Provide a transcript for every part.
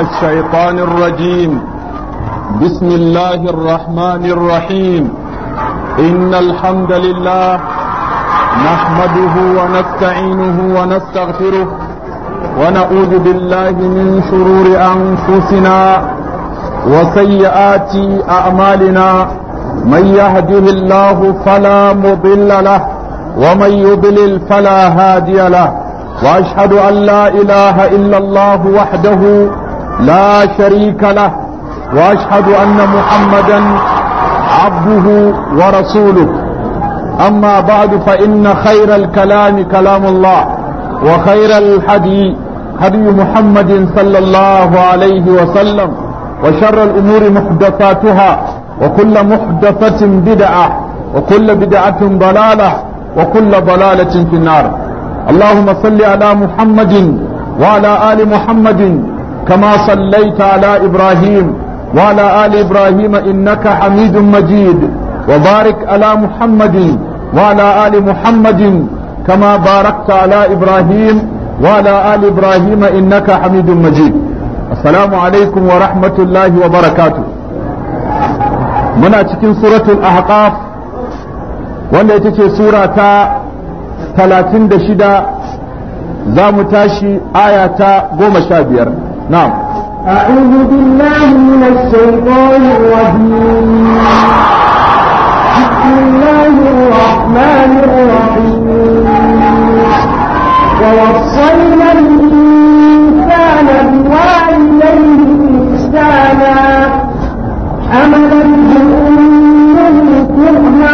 الشيطان الرجيم بسم الله الرحمن الرحيم إن الحمد لله نحمده ونستعينه ونستغفره ونعوذ بالله من شرور أنفسنا وسيئات أعمالنا من يهده الله فلا مضل له ومن يضلل فلا هادي له واشهد ان لا اله الا الله وحده لا شريك له واشهد ان محمدا عبده ورسوله اما بعد فان خير الكلام كلام الله وخير الحدي هدي محمد صلى الله عليه وسلم وشر الامور محدثاتها وكل محدثه بدعه وكل بدعه ضلاله وكل ضلاله في النار اللهم صل على محمد وعلى ال محمد كما صليت على إبراهيم وعلى آل إبراهيم إنك حميد مجيد وبارك على محمد وعلى آل محمد كما باركت على إبراهيم وعلى آل إبراهيم إنك حميد مجيد السلام عليكم ورحمة الله وبركاته منا تكين سورة الأحقاف وانا تكين سورة 36 za mu tashi aya ta goma sha biyar نعم أعوذ بالله من الشيطان الرجيم بسم الله الرحمن الرحيم ووصينا الإنسان بوالديه إحسانا حملته بأمه كرها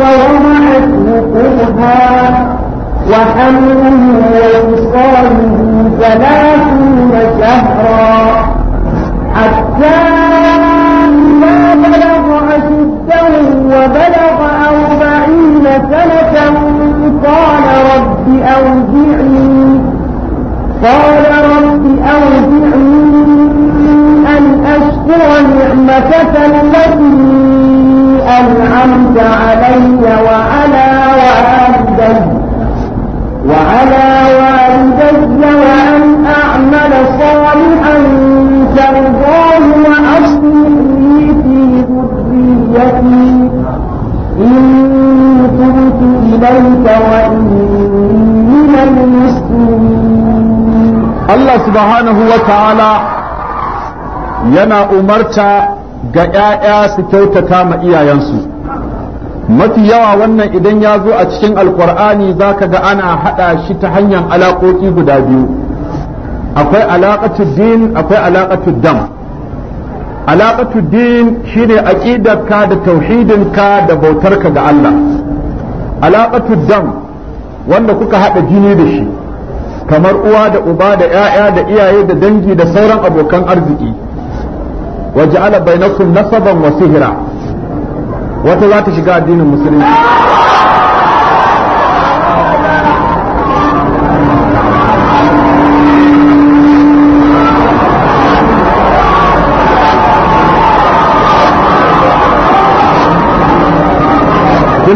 ووضعته كرها وحمله ووصاله ثلاث شهرا حتى ما بلغ أشده وبلغ أربعين سنة قال رب أوزعني قال رب أوزعني أن أشكر نعمتك التي أنعمت علي وعلى والدي وعلى والدي إن تبت إليك وإني من المسلمين الله سبحانه وتعالى yana umarta ga ‘ya'ya su kyautata ma iyayensu mafi yawa wannan idan ya zo a cikin alkur'ani za ka ga ana haɗa shi ta hanyar alaƙoƙi guda biyu akwai alaƙatu din akwai alaƙatu dam alaƙatu din shine aƙidarka da tauhidinka da bautarka ga Allah alaƙatu dam wanda kuka haɗa jini da shi kamar uwa da uba da 'ya'ya da iyaye da dangi da sauran abokan arziki waje ala bainakum nasaban wa sihira wata za ta shiga addinin musulunci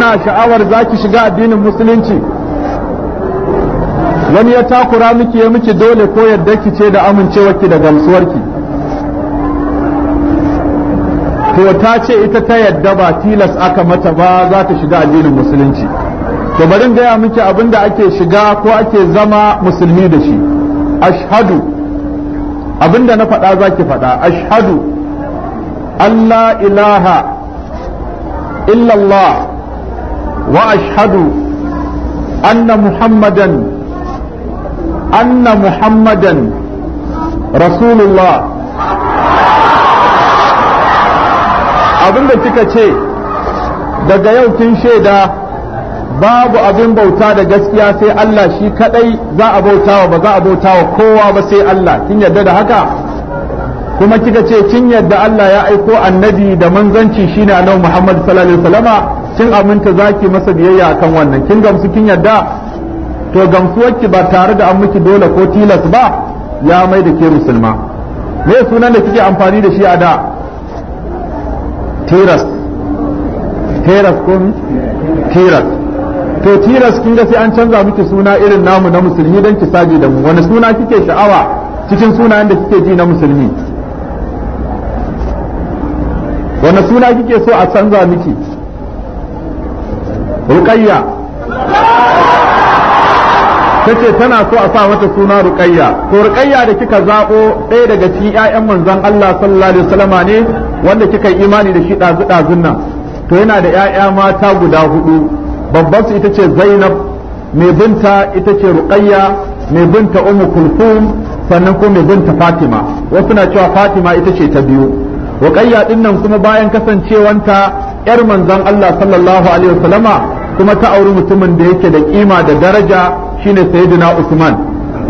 kuna sha'awar zaki shiga addinin musulunci wani ya takura miki ya miki dole ko yadda ki ce da amincewa amincewarki da ki to ta ce ita ta yadda ba tilas aka mata ba za ta shiga addinin musulunci to bari gaya miki abin da ake shiga ko ake zama musulmi da shi ashhadu abin da na faɗa zaki ki faɗa ashhadu Allah ilaha illallah وأشهد أن محمدا أن محمدا رسول الله abinda kika ce daga yau kin shaida babu abin bauta da gaskiya sai Allah shi kadai za a wa ba za a wa kowa ba sai Allah kin yarda da haka kuma kika ce kin yarda Allah ya aiko annabi da manzanci shine annabi Muhammad sallallahu alaihi wasallama kin aminta zaki masa biyayya akan wannan kin gamsu kin yadda to gamsuwar ki ba tare da an miki dole ko tilas ba ya mai da ke musulma me sunan da kike amfani da shi a da tiras tiras kun tiras to tiras kin ga sai an canza miki suna irin namu na musulmi don ki saje da mu wani suna kike sha'awa cikin sunayen da kike ji na musulmi wani suna kike so a canza miki ta ce tana so a sa mata suna ruƙayya to ruƙayya da kika zaɓo ɗaya daga cikin yayan manzan Allah sallallahu alaihi wasallama ne wanda kika yi imani da shi ɗazu ɗazun nan to yana da ƴaƴa mata guda hudu babban su ita ce Zainab mai binta ita ce Ruqayya mai binta Ummu Kulthum sannan ko mai binta Fatima wasu na cewa Fatima ita ce ta biyu Ruqayya ɗinnan kuma bayan kasancewanta ƴar manzon Allah sallallahu alaihi wasallama kuma ta auri mutumin da yake da kima da daraja shine sayyidina Usman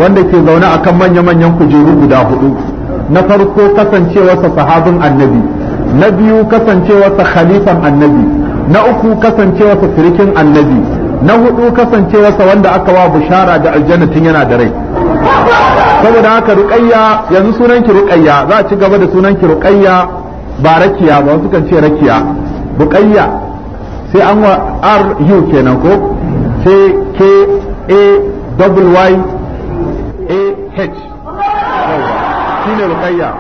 wanda ke zaune akan manya-manyan kujeru guda hudu na farko kasancewarsa sahabin annabi na biyu kasancewarsa khalifan annabi na uku kasancewarsa sirikin annabi na hudu kasancewarsa wanda aka wa bushara da aljanna tun yana da rai saboda haka ruqayya yanzu sunan ki ruqayya za a ci gaba da sunan ki ruqayya ba rakiya ba wasu kan ce rakiya ruqayya sai an wa ru kenan ko sai k a w y a h shine Rukayya.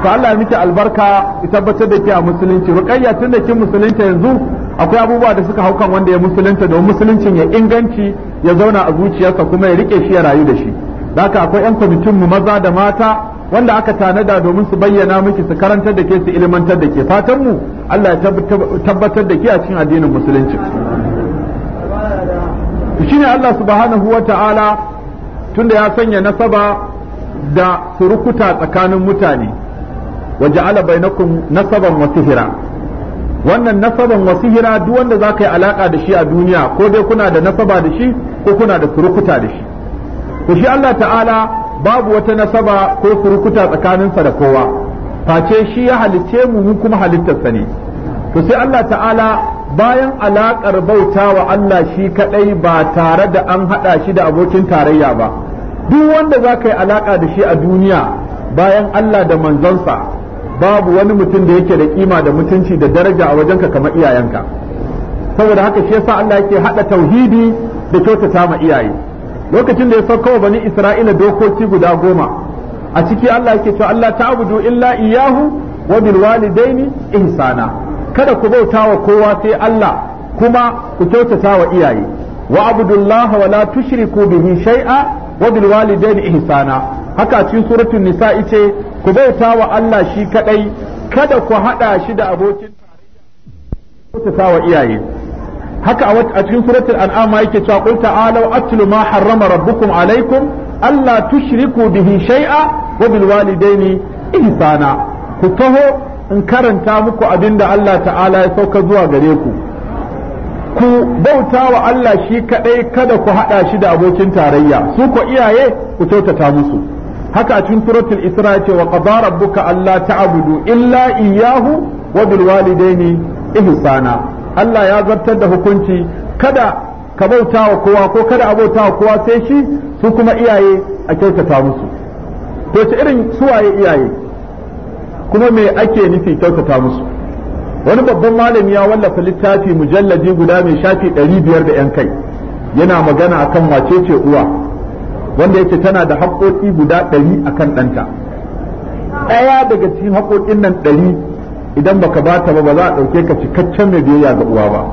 to Allah ya miki albarka ki tabbatar da ke a musulunci ruqayya da kin musulunta yanzu akwai abubuwa da suka haukan wanda ya musulunta don musuluncin ya inganci ya zauna a zuciyarsa kuma ya rike shi ya rayu da shi haka akwai yan kwamitin mu maza da mata wanda aka tanada domin su bayyana miki su karantar da ke su ilmantar da ke fatan mu Allah ya tabbatar da ke a cikin addinin musulunci shine Allah su subhanahu wa ta'ala tunda ya sanya nasaba da surukuta tsakanin mutane wa ja'ala bainakum nasaban wa sihira wannan nasaban wa sihira duk wanda zaka yi alaka da shi a duniya ko dai kuna da nasaba da shi ko kuna da surukuta da shi to shi Allah ta'ala babu wata nasaba ko surukuta tsakaninsa da kowa face shi ya halicce mu mu kuma halittarsa ne to sai Allah ta'ala bayan alaƙar bauta wa Allah shi kaɗai ba tare da an haɗa shi da abokin tarayya ba duk wanda za ka yi alaka da shi a duniya bayan Allah da manzonsa babu wani mutum da yake da kima da mutunci da daraja a wajenka kamar iyayenka saboda haka shi yasa Allah yake haɗa tauhidi da kyautata ma iyaye lokacin da ya sauka wa bani isra'ila dokoki guda goma a ciki Allah yake cewa Allah ta'budu illa iyyahu wa bil walidaini ihsana kada ku bauta wa kowa sai Allah kuma ku kyautata wa iyaye wa abudullaha wa la tushriku bihi shay'a wa bil walidaini ihsana haka cikin suratul nisa ice ku bauta wa Allah shi kadai kada ku hada shi da abokin tarayya kyautata wa iyaye haka a cikin suratul an'am yake cewa qul ta'alu atlu ma harrama rabbukum alaikum alla tushriku bihi shay'a wa bil walidaini ihsana ku taho in karanta muku abinda Allah ta'ala ya sauka zuwa gare ku ku bauta wa Allah shi kadai kada ku hada shi da abokin tarayya su ko iyaye ku kyautata musu haka a cikin suratul isra ce wa qadara rabbuka alla ta'budu illa iyyahu wa bil walidaini ihsana Allah ya zartar da hukunci kada ka bauta wa kowa ko kada a bauta wa kowa sai shi su kuma iyaye a kyautata musu to ci irin suwaye iyaye kuma me ake nufi kyautata musu wani babban malami ya wallafa littafi mujallaji guda mai shafi ɗari biyar da 'yan kai yana magana akan wace ce uwa wanda yake tana da haƙoƙi guda ɗari akan ɗanta ɗaya daga cikin haƙoƙin nan ɗari idan baka bata ba ba za a ɗauke ka cikakken mai biyayya ga uwa ba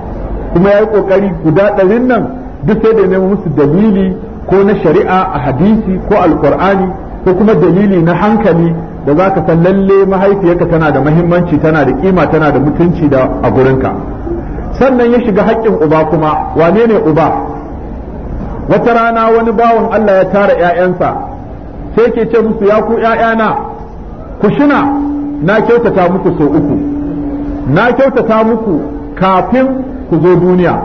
kuma ya yi ƙoƙari guda ɗarin nan duk sai da nemo musu dalili ko na shari'a a hadisi ko Alƙur'ani, ko kuma dalili na hankali da za ka san lalle mahaifiyarka tana da mahimmanci tana da ƙima tana da mutunci da a ka. sannan ya shiga haƙƙin uba kuma wane ne uba wata rana wani bawan Allah ya tara ‘ya'yansa sai ke ce musu ya ku ‘ya'yana ku shina na kyautata muku sau uku na kyautata muku kafin ku zo duniya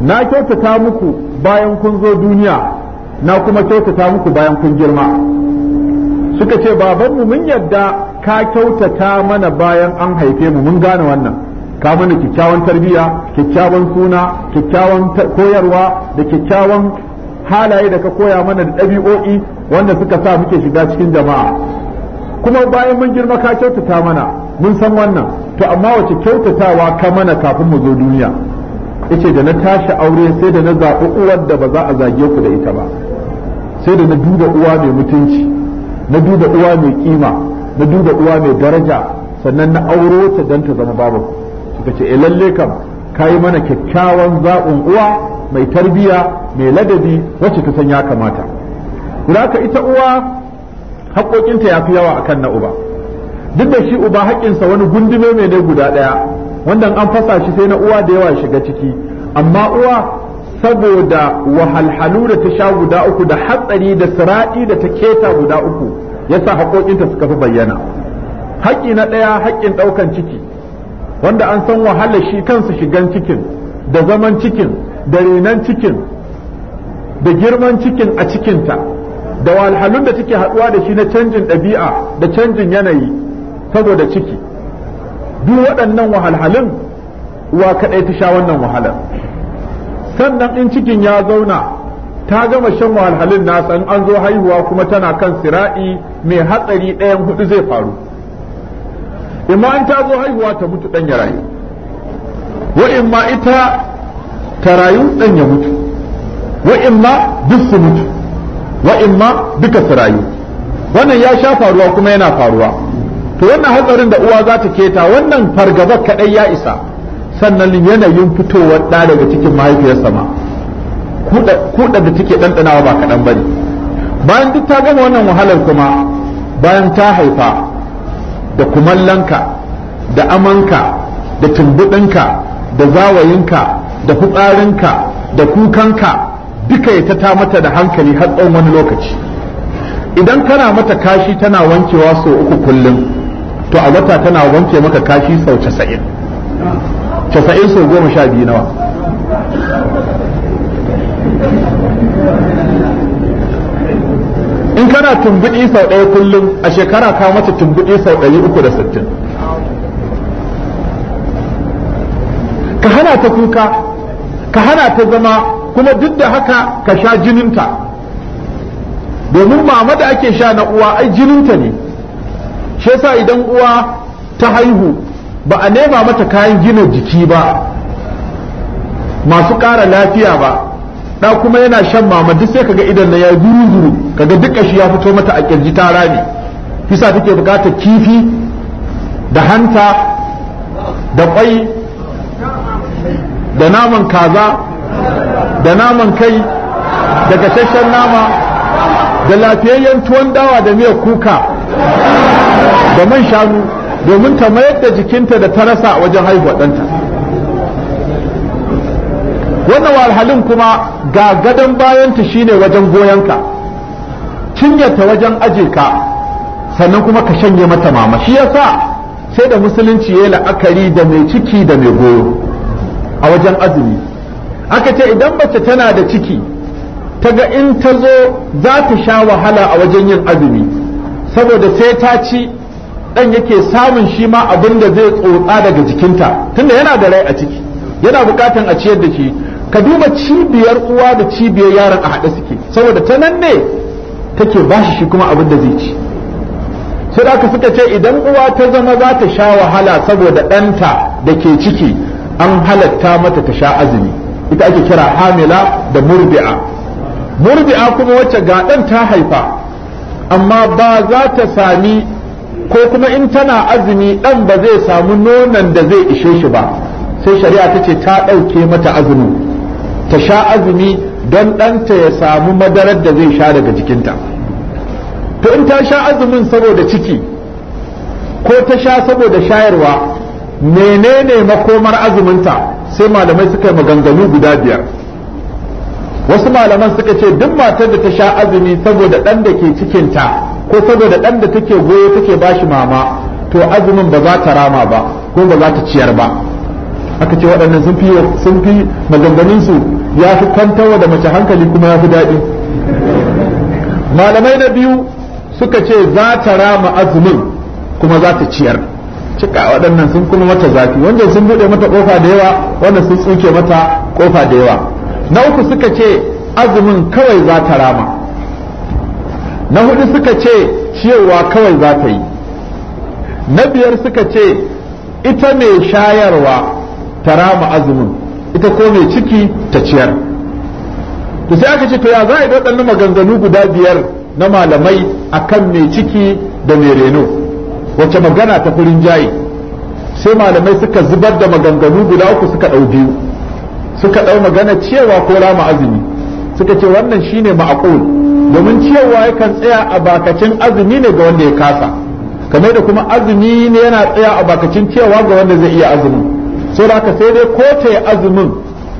na kyautata muku bayan kun zo duniya na kuma kyautata muku bayan kun girma suka ce babanmu mun yadda ka kyautata mana bayan an haife mu mun gane wannan ka mana kyakkyawan tarbiyya kyakkyawan suna kyakkyawan koyarwa da kyakkyawan halaye da ka koya mana da ɗabi'o'i wanda suka sa muke shiga cikin jama'a kuma bayan mun girma ka kyautata mana mun san wannan to amma wace kyautatawa ka mana kafin mu zo duniya yace da na tashi aure sai da na zaɓi uwar da ba za a zage ku da ita ba sai da na duba uwa mai mutunci na duba uwa mai kima na duba uwa mai daraja sannan na auro ta dan ta zama babu suka ce eh lalle kam yi mana kyakkyawan zaɓin uwa mai tarbiya mai ladabi wacce ta san ya kamata ka ita uwa haƙoƙinta ya fi yawa akan na uba duk da shi uba haƙƙinsa wani gundume mai ne guda ɗaya wanda an fasa shi sai na uwa da yawa shiga ciki amma uwa saboda wahalhalu da ta sha guda uku da hatsari da siraɗi da ta keta guda uku yasa haƙoƙinta suka fi bayyana haƙƙi na ɗaya haƙƙin ɗaukan ciki wanda an san wahalar shi kansu shigan cikin da zaman cikin da renan cikin da girman cikin a cikinta da wahalhalun da take haɗuwa da shi na canjin ɗabi'a da canjin yanayi saboda ciki duk waɗannan wahalhalun wa kaɗai ta sha wannan wahalar sannan in cikin ya zauna ta gama shan wahalhalun nasa in an zo haihuwa kuma tana kan sira'i mai hatsari ɗayan hudu zai faru imma in ta zo haihuwa ta mutu ɗan ya rayu wa imma ita ta rayu ɗan ya mutu wa imma duk su mutu wa imma duka su rayu wannan ya sha faruwa kuma yana faruwa to wannan hatsarin da uwa za ta keta wannan fargaba kadai ya isa sannan yanayin fitowar ɗa daga cikin mahaifiyar sama kuɗa da take ɗanɗanawa ba kaɗan bane bayan duk ta gama wannan wahalar kuma bayan ta haifa da kumallanka da amanka da tumbuɗinka da zawayinka da fitsarinka da kukanka duka ya ta mata da hankali har tsawon wani lokaci idan kana mata kashi tana wankewa sau uku kullum to a wata tana wanke maka kashi sau casa'in casa'in sau goma sha biyu nawa in kana tumbuɗi sau ɗaya kullum a shekara ka mata tumbuɗi sau ɗari uku da sittin ka hana ta kuka ka hana ta zama kuma duk da haka ka sha jininta domin mama da ake sha na uwa ai jininta ne shi yasa idan uwa ta haihu ba a nema mata kayan gina jiki ba masu ƙara lafiya ba da kuma yana shan mama duk sai kaga idan na ya zuru zuru kaga duk shi ya fito mata a kirji ta rami fisa take bukatar kifi da hanta da kwai da naman kaza da naman kai da gashashen nama da lafiyayyen tuwon dawa da miyar kuka da man shanu domin ta mayar da jikinta da ta rasa wajen haihuwa ɗanta wannan walhalin kuma ga gadon bayanta shine wajen goyonka cinyarta wajen aje ka sannan kuma ka shanye mata mama shi yasa sai da musulunci ya yi la'akari da mai ciki da mai goyo a wajen azumi aka ce idan mace tana da ciki ta ga in ta zo za ta sha wahala a wajen yin azumi saboda sai ta ci dan yake samun shi ma abin da zai tsotsa daga jikinta tunda yana da rai a ciki yana bukatan a ciyar da shi ka duba cibiyar uwa da cibiyar yaron a haɗe suke saboda ta nan ne take ba shi kuma abin da zai ci sai da aka suka ce idan uwa ta zama za ta sha wahala saboda ɗanta da ke ciki an halatta mata ta sha azumi ita ake kira hamila da murdi'a murdi'a kuma wacce gaɗan ta haifa amma ba za ta sami ko kuma in tana azumi ɗan ba zai samu nonon da zai ishe shi ba sai shari'a ta ce ta ɗauke mata azumi ta sha azumi don ɗanta ya samu madarar da zai sha daga jikinta to in ta sha azumin saboda ciki ko ta sha saboda shayarwa menene makomar azuminta sai malamai suka yi maganganu guda biyar wasu malaman suka ce duk matar da ta sha azumi saboda ɗan da ke cikinta ko saboda ɗan da take goyo take bashi mama to azumin ba za ta rama ba ko ba za ta ciyar ba aka ce waɗannan sun fi sun fi maganganunsu ya fi kwantawa da mace hankali kuma ya fi daɗi malamai na biyu suka ce za ta rama azumin kuma za ta ciyar cika waɗannan sun kuma mata zafi wanda sun buɗe mata ƙofa da yawa wanda sun tsuke mata ƙofa da yawa na uku suka ce azumin kawai za ta rama na hudu suka ce ciyarwa kawai za ta yi na biyar suka ce ita mai shayarwa ta rama azumin ita ko mai ciki ta ciyar to sai aka ce to ya za a yi waɗannan maganganu guda biyar na malamai akan mai ciki da mai reno wacce magana ta furin jayi sai malamai suka zubar da maganganu guda uku suka ɗau biyu suka ɗau magana cewa ko rama azumi suka ce wannan shine ma'aqul domin cewa yakan tsaya a bakacin azumi ne ga wanda ya kasa kamar da kuma azumi ne yana tsaya a bakacin cewa ga wanda zai iya azumin saboda ka sai dai ko ta yi azumin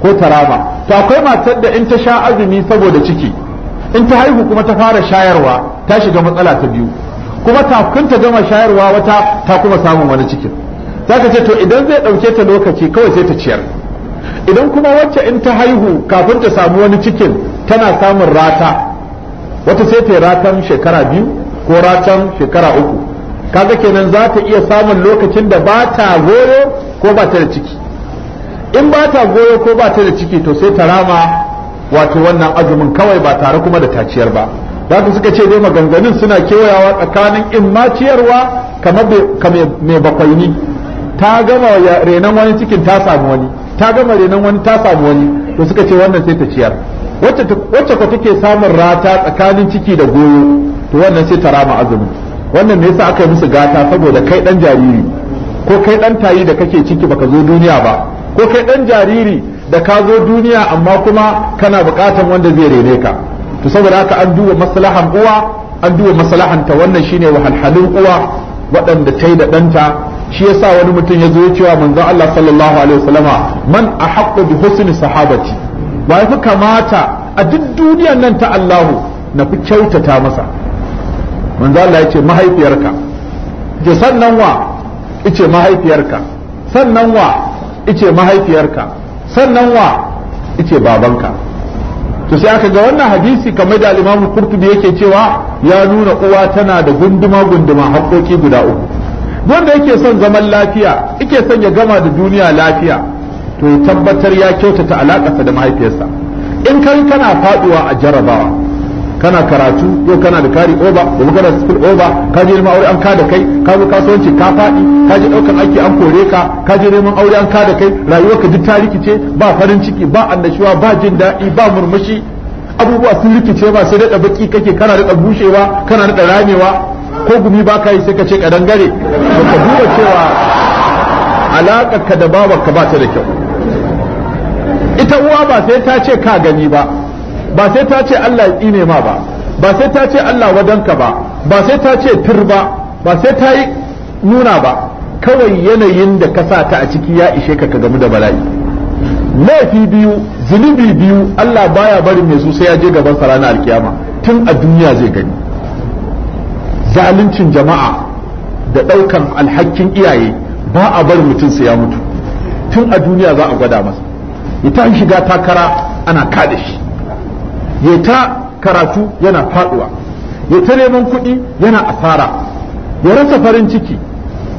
ko ta rama to akwai matar da in ta sha azumi saboda ciki in ta haihu kuma ta fara shayarwa ta shiga matsala ta biyu kuma kafin ta gama shayarwa wata ta kuma samun wani cikin zaka ce to idan zai ɗauke ta lokaci kawai sai ta ciyar idan kuma wacce in ta haihu kafin ta samu wani cikin tana samun rata wata sai ta ratan shekara biyu ko ratan shekara uku kaga kenan za ta iya samun lokacin da ba ta goyo ko ba ta da ciki in ba ta goyo ko ba ta da ciki to sai ta rama wato wannan azumin kawai ba tare kuma da ta ciyar ba da suka ce dai maganganun suna kewayawa tsakanin in ma ciyarwa kamar mai bakwaini ta gama renon wani cikin ta samu wani ta gama renon wani ta samu wani to suka ce wannan sai ta ciyar wacce ko take samun rata tsakanin ciki da goyo to wannan sai ta rama azumi wannan me yasa aka yi musu gata saboda kai dan jariri ko kai dan tayi da kake ciki baka zo duniya ba ko kai dan jariri da ka zo duniya amma kuma kana bukatan wanda zai rene ka to saboda haka an duba maslahan uwa an duba maslahan ta wannan shine wahalhalun uwa waɗanda ta yi da ɗanta shi yasa wani mutum ya zo ya cewa manzo. Allah sallallahu alaihi wasallama man ahaqqu bi husni sahabati wa yafi kamata a duk duniyar nan ta Allahu na fi kyautata masa manzo Allah ya ce mahaifiyarka ce sannan wa ice mahaifiyarka sannan wa ice mahaifiyarka sannan wa ice babanka to sai aka ga wannan hadisi kamar da al-Imam Qurtubi yake cewa ya nuna uwa tana da gunduma gunduma haƙoƙi guda uku wanda yake son zaman lafiya yake son ya gama da duniya lafiya to tabbatar ya kyautata alaƙarsa da mahaifiyarsa in kai kana faduwa a jarabawa kana karatu yau kana da kari oba da kana da skill oba ka je neman aure an ka da kai ka zo kasuwanci ka faɗi ka je ɗaukar aiki an kore ka ka je neman aure an ka da kai ka duk ta rikice ba farin ciki ba annashuwa ba jin daɗi ba murmushi abubuwa sun rikice ba sai daɗa baki kake kana daɗa bushewa kana daɗa ramewa ko gumi ba ka yi sai ka ce ka dangare ka duba cewa alaƙarka ka da babarka ba ta da kyau ita uwa ba sai ta ce ka gani ba ba sai ta ce Allah ya tsine ma ba ba sai ta ce Allah wadanka ba ba sai ta ce tur ba ba sai ta yi nuna ba kawai yanayin da ka sa ta a ciki ya ishe ka ka gamu da bala'i laifi biyu zunubi biyu Allah baya bari mai su sai ya je gaban sa alkiyama tun a duniya zai gani zaluncin jama'a da ɗaukan alhakin iyaye ba a bar mutum sai ya mutu tun a duniya za a gwada masa ita an shiga takara ana kada shi ya ta karatu yana faduwa ya ta neman kuɗi yana asara ya rasa farin ciki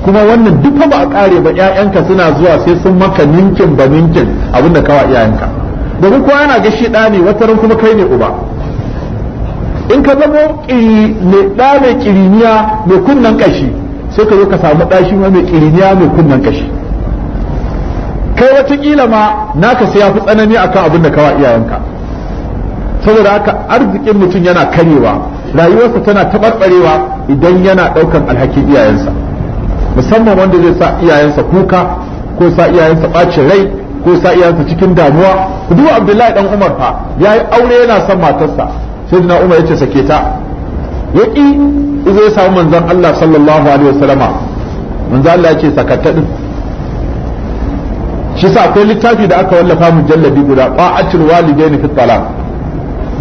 kuma wannan duk ba a kare ba ƴaƴanka suna zuwa sai sun maka ninkin ba ninkin abinda kawa iyayenka ku kowa yana ga shi ɗa ne wata ran kuma kai ne uba in ka zamo mai ɗa mai ƙiriniya mai kunnen kashi sai ka zo ka samu ɗashi ma mai ƙiriniya mai kunnen ƙashi kai wataƙila ma naka sai ya fi tsanani akan abin da kawa iyayenka saboda haka arzikin mutum yana karyewa rayuwarsa tana taɓarɓarewa idan yana ɗaukan alhakin iyayensa musamman wanda zai sa iyayensa kuka ko sa iyayensa ɓacin rai ko sa iyayensa cikin damuwa ku duba abdullahi dan umar fa ya yi aure yana son matarsa sai na umar ce sake ta ya ƙi ya samu manzan allah sallallahu alaihi wasallama manzon allah yace sakatta din shi sa akwai littafi da aka wallafa mujalladi guda ba'atul walidaini fi talaq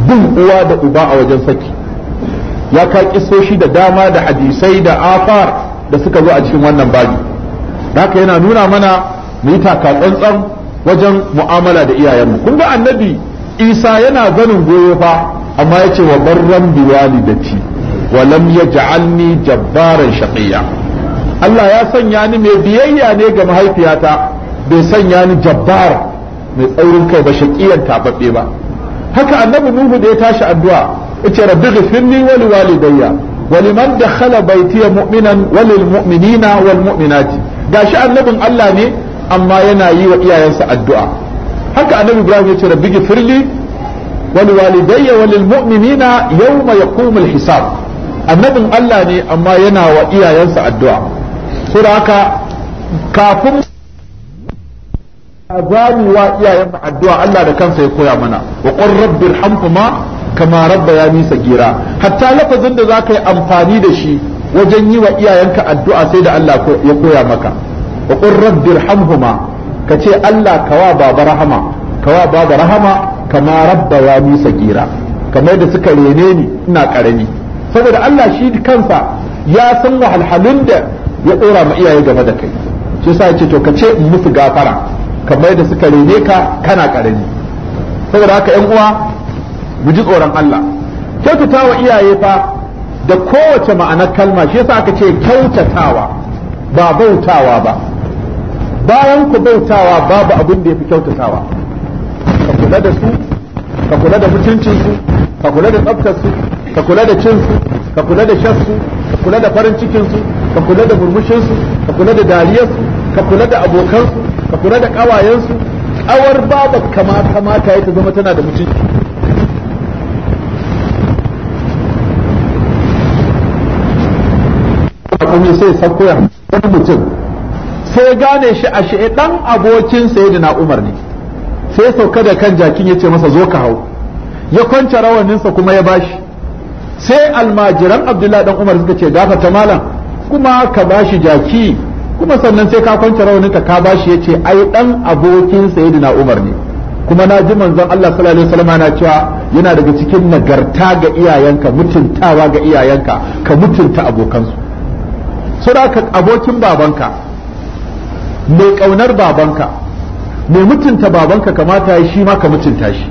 bin uwa da uba a wajen saki ya ka kisoshi da dama da hadisai da afar da suka zo a cikin wannan babi haka yana nuna mana mu yi tsantsan wajen mu'amala da iyayenmu kun ga annabi isa yana ganin goyo fa amma ya ce wa barran da ci wa lam ja'alni jabbaran shaqiya Allah ya sanya ni mai biyayya ne ga mahaifiyata bai sanya ni jabbar mai tsaurin kai ba shaqiyan tababbe ba haka annabi nuhu da ya tashi addu'a yace rabbi ghfirli wa liwalidayya wa liman dakhala baytiya mu'minan wa lil mu'minina wal mu'minati gashi annabin Allah ne amma yana yi wa iyayensa addu'a haka annabi Ibrahim yace rabbi ghfirli wa liwalidayya wa lil mu'minina yawma yaqumul hisab annabin Allah ne amma yana wa iyayensa addu'a saboda ka kafin azami wa iyayen mu addu'a Allah da kansa ya koya mana wa qur rabbil kama rabba ya nisa gira hatta lafazin da zaka yi amfani da shi wajen yi wa iyayenka addu'a sai da Allah ya koya maka wa qur rabbil hamhuma kace Allah kawa baba rahama kawa baba rahama kama rabba ya nisa gira kamar da suka rene ni ina karami saboda Allah shi kansa ya san wahalhalun da ya dora ma iyaye game da kai shi yasa yace to kace musu gafara kamar da suka rene ka kana karami saboda haka yan uwa mu ji tsoron Allah kyautatawa iyaye fa da kowace ma'anar kalma shi yasa aka ce kyautatawa ba bautawa ba bayan ku bautawa babu abin da yafi kyautatawa ka kula da su ka kula da mutuncinsu ka kula da tsaftarsu ka kula da cinsu ka kula da shassu, ka kula da farin cikin su ka kula da su ka kula da dariyarsu ka kula da abokansu ka kula da kawayensu awar baba kama kamata ya ta zama tana da mutunci kuma sai sakoya wani mutum sai gane shi a shi ɗan abokin sayyidina Umar ne sai sauka da kan jakin ya ce masa zo ka hau ya kwance rawaninsa kuma ya bashi sai almajiran Abdullahi dan Umar suka ce ta malam kuma ka bashi jaki kuma sannan sai ka kwance rawaninka ka bashi yace ai dan abokin sayyidina Umar ne kuma na ji manzon Allah sallallahu alaihi wasallam yana cewa yana daga cikin nagarta ga iyayenka mutuntawa ga iyayenka ka mutunta abokansu Su ka abokin babanka mai kaunar babanka mai mutunta babanka kamata ya shi ma ka mutunta shi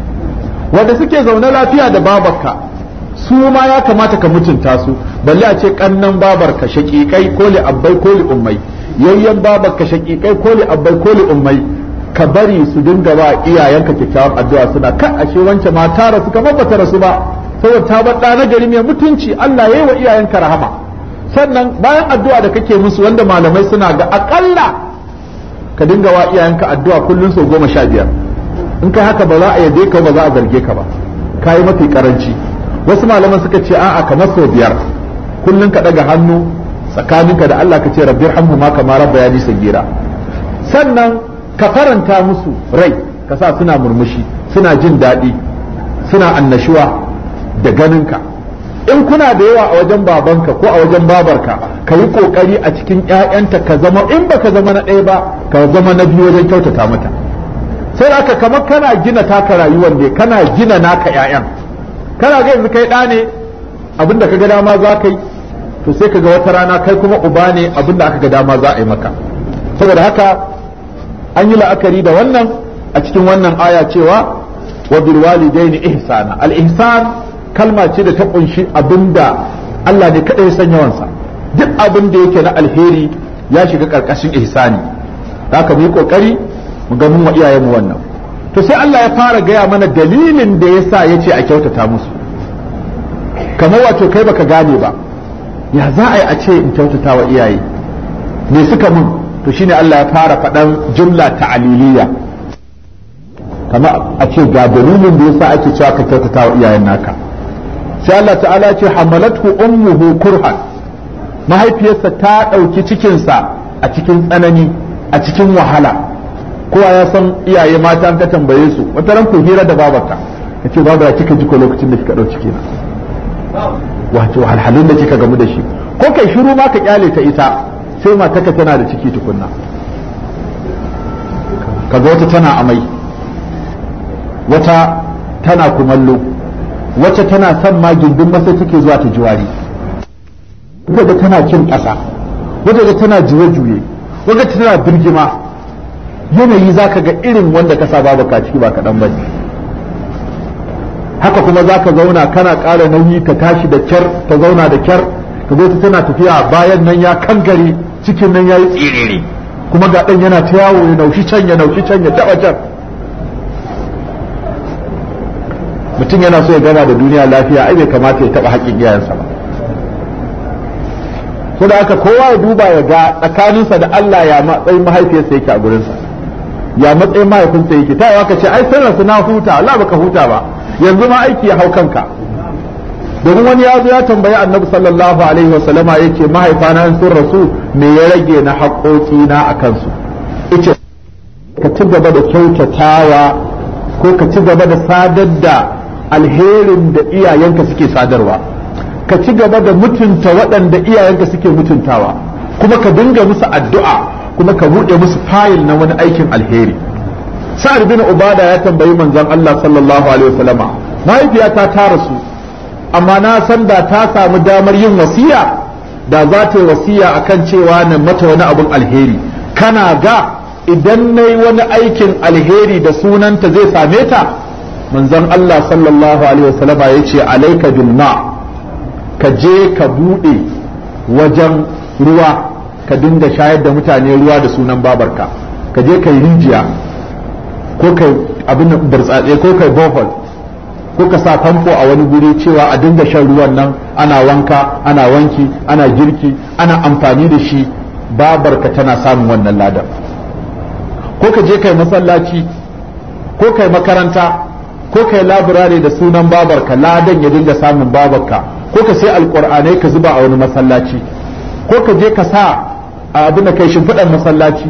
wanda suke zaune lafiya da babarka su ma ya kamata ka mutunta su balle a ce kannan babarka shaƙiƙai ko li abbai ko li ummai yayyan ka shakikai ko li abbai ko li ummai ka bari su dinga ba iyayenka kyakkyawar addu'a suna kan ashe wancan mata ta rasu kamar bata rasu ba saboda ta bar na gari mai mutunci Allah yayi wa iyayenka rahama sannan bayan addu'a da kake musu wanda malamai suna ga akalla ka dinga wa iyayenka addu'a kullun sau goma sha biyar in kai haka ba za a yabe ka ba za a zarge ka ba kayi mafi karanci wasu malaman suka ce a'a kamar sau biyar kullun ka daga hannu tsakaninka da Allah ka ce rabbir hamhu ma ya rabbayani sagira sannan ka faranta musu rai ka sa suna murmushi suna jin daɗi suna annashuwa da ganinka in kuna da yawa a wajen babanka ko a wajen babarka ka yi kokari a cikin ƴaƴanta ka zama in baka zama na ɗaya ba ka zama na biyu wajen kyautata mata sai aka kamar kana gina taka rayuwar ne kana gina naka ƴaƴan kana ga yanzu kai ɗa ne abinda ka ga dama za ka yi to sai kaga wata rana kai kuma uba ne abinda aka ga dama za a yi maka saboda haka an yi la'akari da wannan a cikin wannan aya cewa wa bil walidaini ihsana al ihsan kalma ce da ta kunshi abinda Allah ne kadai san yawansa duk abin da yake na alheri ya shiga karkashin ihsani haka mu yi kokari mu ga mun wa iyayenmu wannan to sai Allah ya fara gaya mana dalilin da yasa yace a kyautata musu kamar wato kai baka gane ba ya za a yi a ce in kyautata wa iyaye me suka mun to shine Allah ya fara faɗan jumla ta'aliliya kamar a ce ga dalilin da yasa ake cewa ka kyautata wa iyayen naka sai Allah ta'ala ce hamalathu ummuhu kurhan mahaifiyarsa ta ɗauki cikinsa a cikin tsanani a cikin wahala kowa ya san iyaye mata ka tambaye su wata ran ku hira da babarka kace babarka kika ji ko lokacin da kika ɗau ciki na wato halhalin da kika gamu da shi ko kai shiru ma ka kyale ta ita sai matarka tana da ciki tukunna kaga wata tana amai wata tana kumallo wacce tana son ma gindin masa take zuwa ta jiwari wadda tana cin ƙasa wadda tana juye-juye wadda tana birgima yanayi za ka ga irin wanda ka saba baka ciki ba kaɗan ba ne haka kuma za ka zauna kana ƙara nauyi ka tashi da kyar ta zauna da kyar ka zo ta tana tafiya bayan nan ya kangare cikin nan ya yi tsiriri kuma ga ɗan yana ta yawo ya naushi can ya naushi can ya taɓa can mutum yana so ya gana da duniya lafiya ai bai kamata ya taɓa haƙƙin iyayensa ba so da haka kowa ya duba ya ga tsakaninsa da Allah ya matsayin mahaifiyarsa yake a gurinsa ya matsayin mahaifinsa yake ta yawa ka ce ai sallar na huta Allah baka huta ba yanzu ma aiki ya hau kanka domin wani ya zo ya tambayi annabi sallallahu alaihi wasallama yake mahaifana na sun rasu me ya rage na haƙoƙi na a kansu yace ka ci gaba da kyautatawa ko ka ci gaba da sadar da alherin da iyayenka suke sadarwa ka ci gaba da mutunta waɗanda iyayenka suke mutuntawa kuma ka dinga musu addu'a kuma ka buɗe musu fayil na wani aikin alheri sa'ad bin ubada ya tambayi manzon Allah sallallahu alaihi wasallama mahaifiyata ta rasu amma na san da ta samu damar yin wasiya da za ta yi wasiya akan cewa na mata wani abun alheri kana ga idan nayi wani aikin alheri da sunanta zai same ta manzon Allah sallallahu alaihi ya ce, alaika bil ma ka je ka bude wajen ruwa ka dinga shayar da mutane ruwa da sunan babarka ka je ka yi rijiya ko kai abin da burtsatse ko kai bohol ko ka sa famfo a wani guri cewa a dinga shan ruwan nan ana wanka ana wanki ana girki ana amfani da shi babarka tana samun wannan ladan ko ka je kai masallaci ko kai makaranta ko kai labirare da sunan babarka ladan ya dinga samun babarka ko ka sai alkur'anai ka zuba a wani masallaci ko ka je ka sa abin da kai shimfiɗar masallaci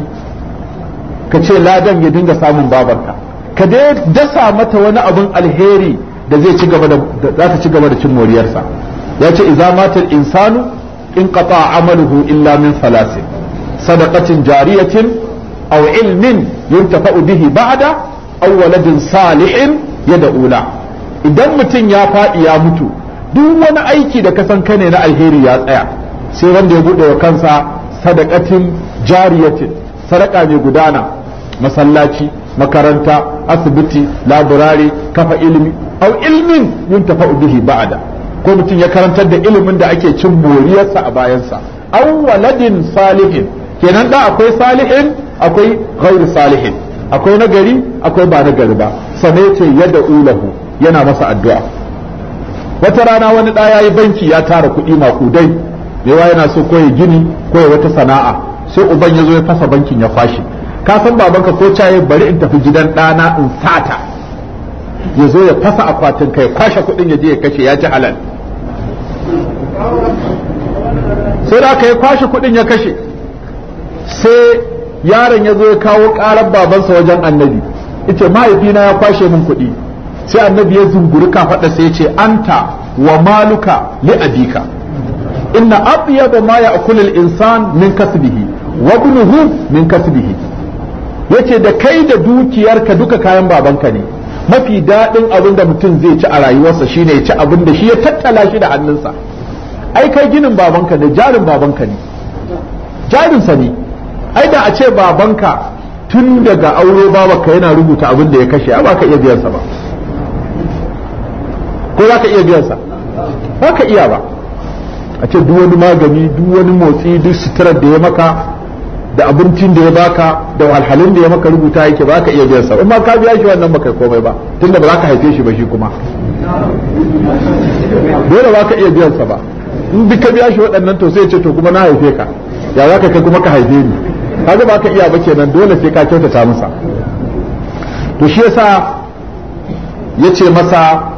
ka ce ladan ya dinga samun babarka ka dai dasa mata wani abun alheri da zai ci gaba da za ta ci gaba da cin moriyarsa ya ce idza matal insanu in qata amaluhu illa min salasin sadaqatin jariyatin aw ilmin yuntafa'u bihi ba'da aw waladin salihin yad'u idan mutum ya faɗi ya mutu duk wani aiki da kasan kane na alheri ya tsaya sai wanda ya bude wa kansa sadaqatin jariyatin sadaka mai gudana masallaci makaranta asibiti laburare kafa ilimi au ilmin yuntafa'u bihi ba'da ko mutum ya karantar da ilimin da ake cin moriyarsa a bayansa au waladin salihin kenan da akwai salihin akwai ghairu salihin akwai nagari akwai ba nagari ba sane ce yadda ulahu yana masa addu'a wata rana wani ɗa ya yi banki ya tara kuɗi makudai yawa yana so ko gini ko wata sana'a sai uban ya zo ya fasa bankin ya kwashe ka san babanka ko caye bari in tafi gidan ɗana in sata ya zo ya fasa akwatin kai kwashe kuɗin ya je ya kashe ya ci halal sai da aka yi kwashe kuɗin ya kashe sai yaron ya zo ya kawo ƙarar babansa wajen annabi ita mahaifina ya kwashe min kuɗi sai annabi ya zunguri kafaɗa sai ya ce anta wa maluka li abika inna da ma ya'kulu insan min kasbihi wa ibnuhu min kasbihi yace da kai da dukiyarka duka kayan babanka ne mafi daɗin abin da mutum zai ci a rayuwarsa shine ya ci abin da shi ya tattala shi da hannunsa ai kai ginin babanka ne jarin babanka ne jarinsa ne ai da a ce babanka tun daga auro babanka yana rubuta abin da ya kashe ba ka iya biyansa ba ko za ka iya biyansa ba ka iya ba a ce duk wani magani duk wani motsi duk suturar da ya maka da abincin da ya baka da wahalhalun da ya maka rubuta yake ba ka iya biyan sa in ma ka biya shi wannan baka komai ba tunda ba za ka haife shi ba shi kuma dole ba ka iya biyan sa ba in duk ka biya shi waɗannan to sai ce to kuma na haife ka ya za ka kai kuma ka haife ni kaga ba ka iya ba kenan dole sai ka kyautata masa to shi yasa ce masa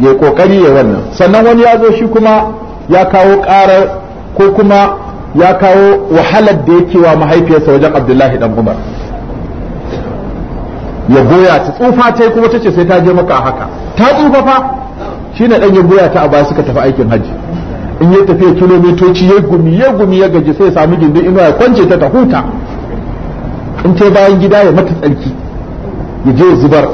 ya kokari ya wannan sannan wani ya zo shi kuma ya kawo ƙarar ko kuma ya kawo wahalar da yake wa mahaifiyarsa wajen abdullahi dan umar ya goya ta tsufa ta yi kuma ta ce sai ta je maka a haka ta tsufa fa shi na ɗan ya goya ta a baya suka tafi aikin hajji in ya tafiya kilomitoci ya gumi ya gumi ya gaji sai ya sami gindin ino ya kwance ta ta huta in ce bayan gida ya mata tsarki ya je zubar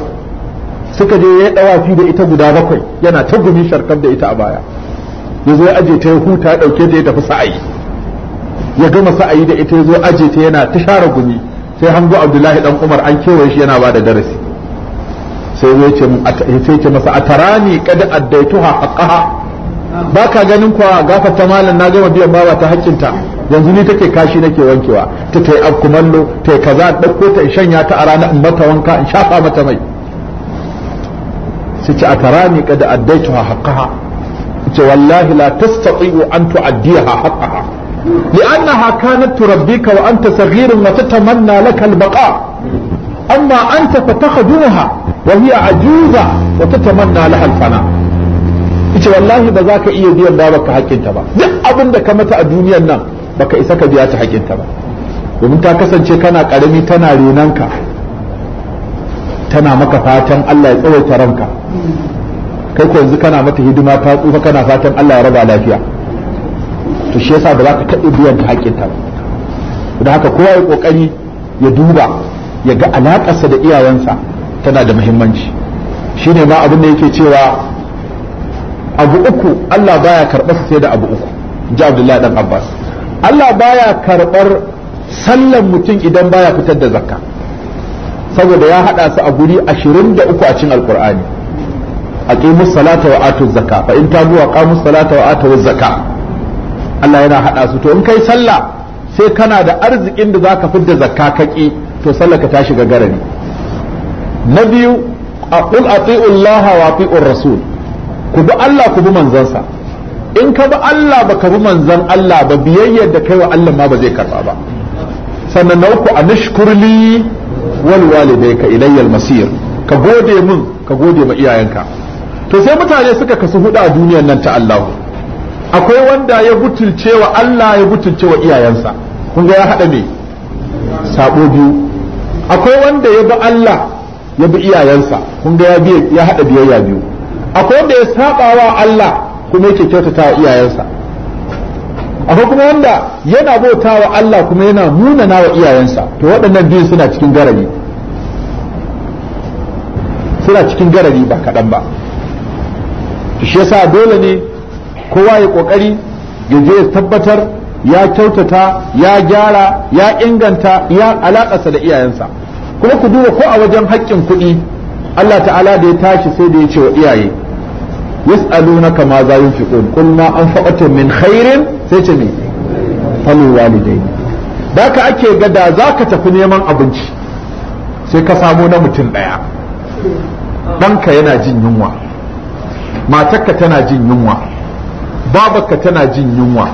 suka je ya ɗawafi da ita guda bakwai yana ta gumi sharkar da ita a baya ya ya aje ta ya huta ya ɗauke ta ya tafi sa'ayi ya gama sa sa'ayi da ita ya zo aje ta yana ta share gumi sai hango abdullahi dan umar an kewaye shi yana ba da darasi sai ya ce sai ce masa atarani kad addaituha haqqaha baka ganin kwa ta malam na gama biyan bawa ta hakkinta yanzu ni take kashi nake wankewa ta tai akumallo kumallo tai kaza dauko ta in shanya ta a rana in mata wanka in shafa mata mai sai ce atarani kad addaituha haqqaha ce wallahi la tastati'u an tu'addiha haqqaha لأنها كانت تربيك وأنت صغير وتتمنى لك البقاء أما أنت فتخدمها وهي عجوزة وتتمنى لها الفناء ce wallahi ba za ka iya biyan ba baka hakinta ba duk abin da ka mata a duniyar nan baka isa ka biya ta hakinta ba domin ta kasance kana karami tana renanka tana maka fatan Allah ya tsawaita ranka kai ko yanzu kana mata hidima ta tsufa kana fatan Allah ya raba lafiya to shi yasa ba za ka taɓa biyan ta haƙƙin ta da haka kowa ya kokari ya duba ya ga alaƙarsa da iyayensa tana da muhimmanci shine ma abin da yake cewa abu uku Allah baya karɓar sai da abu uku ji Abdullahi dan Abbas Allah baya karɓar sallan mutum idan baya fitar da zakka saboda ya haɗa su a guri ashirin da uku a cikin alkur'ani aqimus salata wa atuz zakka fa in tabu wa qamus salata wa atuz zakka Allah yana hada su to in kai sallah sai kana da arzikin da zaka fidda zakka kaki to sallah ka ta shiga garari na biyu aqul ati'u Allah wa ati'u rasul ku bi Allah ku bi manzansa in ka bi Allah ba ka bi manzan Allah ba biyayyar da kai wa Allah ma ba zai karba ba sannan na uku anashkurli wal walidayka ilayya al masir ka gode min ka gode ma iyayenka to sai mutane suka kasu huɗu a duniyar nan ta Allah. akwai wanda ya butulce wa Allah ya butulce wa iyayensa kun ga ya haɗa me sabo biyu akwai wanda ya bi Allah ya bi iyayensa kun ga ya haɗa biyayya biyu akwai wanda ya saba wa Allah kuma yake kyautata wa iyayensa akwai kuma wanda yana bauta wa Allah kuma yana nuna wa iyayensa to waɗannan biyu suna cikin garabi suna cikin garabi ba kaɗan ba shi yasa dole ne kowa ya kokari ya je ya tabbatar ya kyautata ya gyara ya inganta ya sa da iyayensa kuma ku duba ko a wajen haƙƙin kuɗi Allah ta'ala da ya tashi sai da ya ce wa iyaye yas'alunaka ma za yunfiqun qul ma anfaqtum min khairin sai ce me falul walidain da ka ake ga da zaka tafi neman abinci sai ka samu na mutum daya ɗanka yana jin yunwa matarka tana jin yunwa babarka tana jin yunwa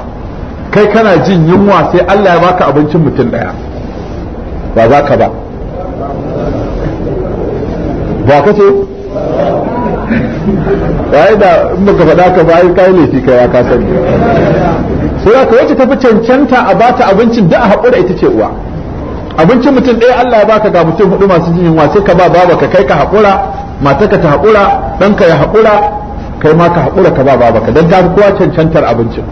kai kana jin yunwa sai Allah ya baka abincin mutum daya ba za ka ba ba ka ce waye da in baka faɗa ka ba kai laifi kai ya ka sani sai ka wacce tafi cancanta a bata abincin da a haƙura ita ce uwa abincin mutum ɗaya Allah ya baka ga mutum hudu masu jin yunwa sai ka ba babarka kai ka haƙura matarka ta haƙura ɗanka ya haƙura kai ma ka haƙura ka ba babaka don ta fi kowa cancantar abincin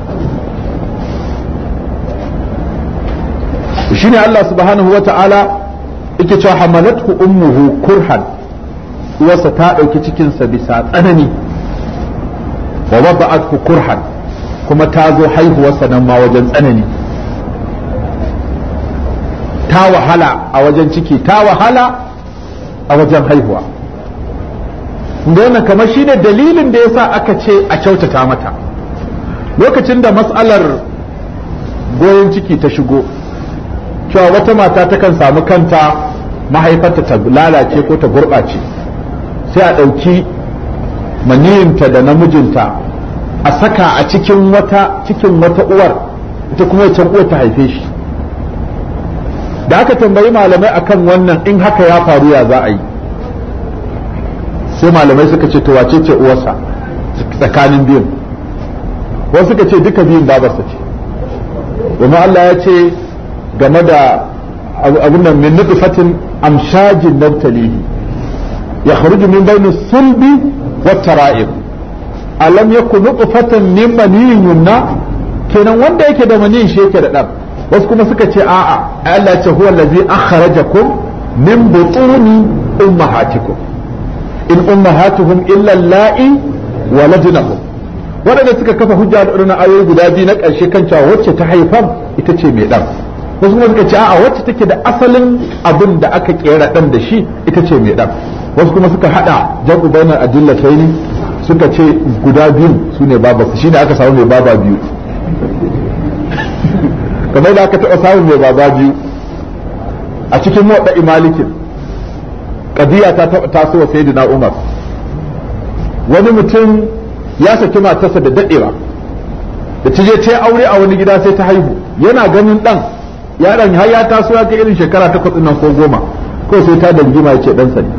shine Allah subhanahu wa ta'ala yake cewa hamalatku ummuhu kurhan uwarsa ta ɗauki cikinsa bisa tsanani wa wada'atku kurhan kuma ta zo haihuwarsa nan ma wajen tsanani ta wahala a wajen ciki ta wahala a wajen haihuwa da wannan kamar ne dalilin da ya sa aka ce a kyautata mata lokacin da matsalar goyon ciki ta shigo cewa wata mata takan samu kanta mahaifarta ta lalace ko ta gurɓace sai a ɗauki maniyinta da namijinta a saka a cikin wata cikin wata uwar ita kuma ya uwar ta haife shi da aka tambayi malamai akan wannan in haka ya faru ya za a yi sai malamai suka ce to wace ce uwarsa tsakanin biyun wasu suka ce duka biyun babarsa ce domin Allah ya ce game da abin nan min nutfatin amshajin nabtalihi ya kharuju min bainu sulbi wa tara'ib alam yakun nutfatan min maniyin kenan wanda yake da maniyin shi yake da dan wasu kuma suka ce a'a Allah ya ce huwa allazi akhrajakum min butuni ummahatikum in ummahatuhum illa la'i waladnahum wadanda suka kafa hujja da irin ayoyi guda biyu na ƙarshe kan cewa wacce ta haifa ita ce mai ɗan wasu kuma suka ce a'a wacce take da asalin abin da aka kera ɗan da shi ita ce mai ɗan wasu kuma suka haɗa jabu bayna adilla saini suka ce guda biyun su ne baba su shine aka samu mai baba biyu kamar da aka taɓa samu mai baba biyu a cikin da imalikin kadiya ta taso sai da Umar wani mutum ya saki matarsa da dadewa da ta je ta aure a wani gida sai ta haihu yana ganin dan yaron har ya taso ya irin shekara takwas nan ko goma ko sai ta dangi ma ce dan sani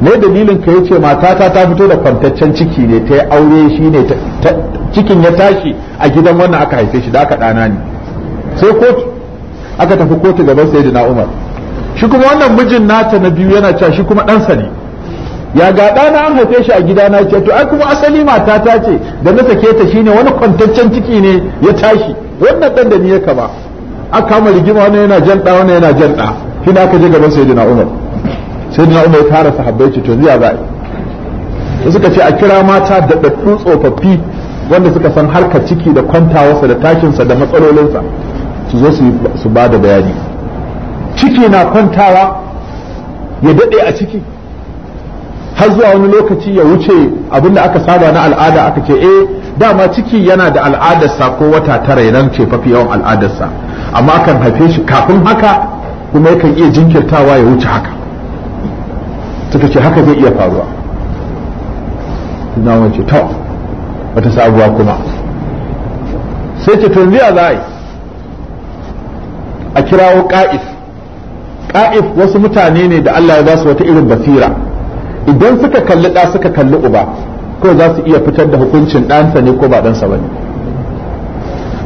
me dalilin ka yace matata ta fito da kwantaccen ciki ne ta aure shi ne cikin ya tashi a gidan wannan aka haife shi da aka dana ne sai kotu aka tafi kotu gaban sayyidina Umar shi kuma wannan mijin nata na biyu yana cewa shi kuma ɗansa ne ya ga ɗana an haife shi a gida na ce to ai kuma asali mata ta ce da na sake ta shine wani kwantaccen ciki ne ya tashi wannan ɗan da ni ya kama aka kama rigima wani yana jan ɗa wani yana jan ɗa shi da aka je gaban sayyidina umar sayyidina umar ya fara sahabbai ce to ziya ba suka ce a kira mata da ɗaɗɗu tsofaffi wanda suka san harkar ciki da kwantawarsa da takinsa da matsalolinsa su zo su ba da bayani ciki na kwantawa ya daɗe a ciki har zuwa wani lokaci ya wuce abin da aka saba na al'ada aka ce eh dama ciki yana da al'adarsa ko wata tara nan ce fafi yawan al'adarsa amma kan haife shi kafin haka kuma yakan iya jinkirtawa ya wuce haka suka ce haka zai iya faruwa na ce to wata sabuwa kuma sai ce tunzi a yi a kirawo ka'is ta'if wasu mutane ne da Allah ya ba su wata irin basira idan suka kalli ɗa suka kalli uba ko za su iya fitar da hukuncin ɗansa ne ko ba ɗansa ba ne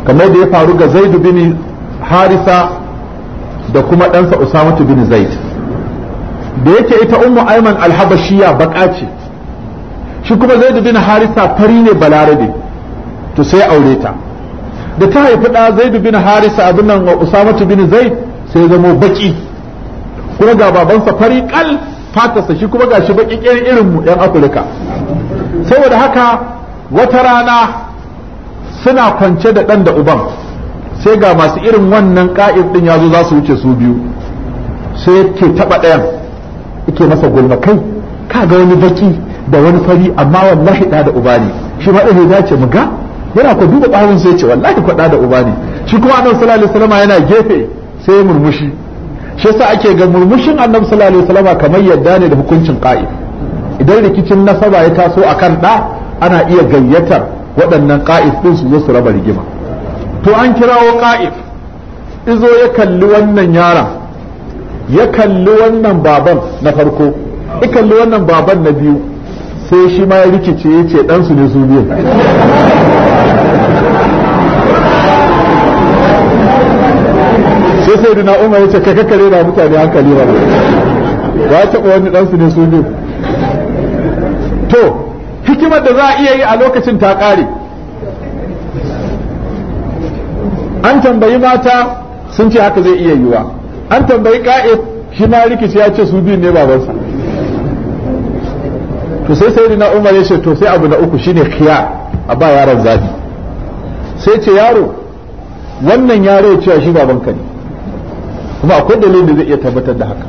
kamar da ya faru ga zaidu bin harisa da kuma ɗansa usamatu bin zaid da yake ita ummu aiman alhabashiya baka ce shi kuma zaidu bin harisa fari ne balarabe to sai aure ta da ta haifi ɗa zaidu bin harisa abin nan usamatu bin zaid sai zamo baki kuma ga babansa fari kal fatarsa shi kuma gashi baki irin irin mu ɗan afirka saboda haka wata rana suna kwance da ɗan da uban sai ga masu irin wannan ka'ir din ya zo za su wuce su biyu sai yake taɓa ɗayan yake masa gulma kai ka ga wani baki da wani fari amma wallahi ɗa da uba ne shi ma ɗaya dace mu ga yana ko duba ɓawon sai ce wallahi ɗa da uba ne shi kuma annabi sallallahu alaihi wasallam yana gefe sai murmushi shi yasa ake ga murmushin annabi sallallahu alaihi wasallam kamar yadda ne da hukuncin qa'i idan rikicin nasaba ya taso akan da ana iya gayyatar waɗannan qa'if din su zo su raba rigima to an kirawo qa'if izo ya kalli wannan yaron ya kalli wannan baban na farko ya kalli wannan baban na biyu sai shi ma ya rikice ya ce ɗansu ne su biyu sai sai dina umar yace ka kakkare da mutane hankali ba ya taɓa wani ɗansu ne su biyu to hikimar da za a iya yi a lokacin ta ƙare an tambayi mata sun ce haka zai iya yiwa an tambayi ƙa'e shi ma rikici ya ce su biyu ne babansa to sai sai na umar ya ce to sai abu na uku shine khiya a ba yaron zafi sai ce yaro wannan yaro ya ce shi babanka ne kuma akwai dalilin da zai iya tabbatar da haka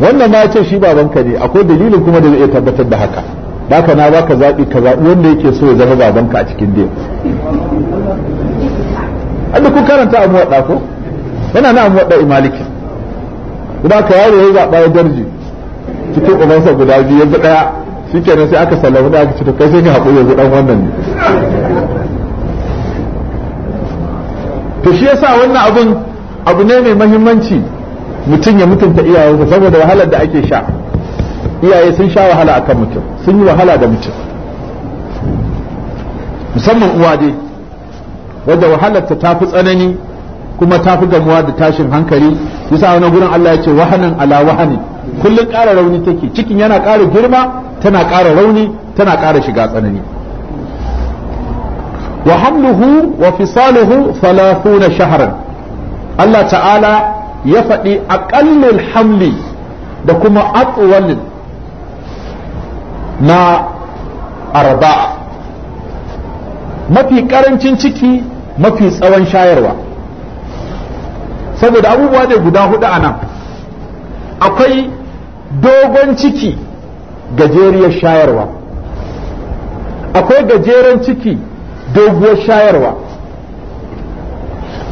wannan ma ce shi babanka ne akwai dalilin kuma da zai iya tabbatar da haka baka na baka zaɓi ka zaɓi wanda yake so ya zama babanka a cikin dai Allah kun karanta a muwaɗa ko yana na muwaɗa imaliki idan ka yaro ya zaɓa ya darji cikin ubansa guda biyu yanzu ɗaya shi kenan sai aka sallama da aka ci kai sai ka haƙuri yanzu ɗan wannan ne to shi yasa wannan abun. abu ne mai mahimmanci mutum ya mutunta iyayensa saboda wahalar da ake sha iyaye sun sha wahala akan mutum sun yi wahala da mutum musamman uwa dai wadda wahalarta ta fi tsanani kuma ta fi gamuwa da tashin hankali yasa wani gurin Allah ya ce wahanan ala wahani kullum ƙara rauni take cikin yana ƙara girma tana ƙara rauni tana ƙara shiga tsanani wa hamluhu wa fisaluhu 30 shahran Allah ta'ala ya faɗi a ƙallin hamli da kuma atsuwalin na arba'a mafi ƙarancin ciki mafi tsawon shayarwa saboda abubuwa ne guda hudu a nan akwai dogon ciki gajeriyar shayarwa akwai gajeren ciki doguwar shayarwa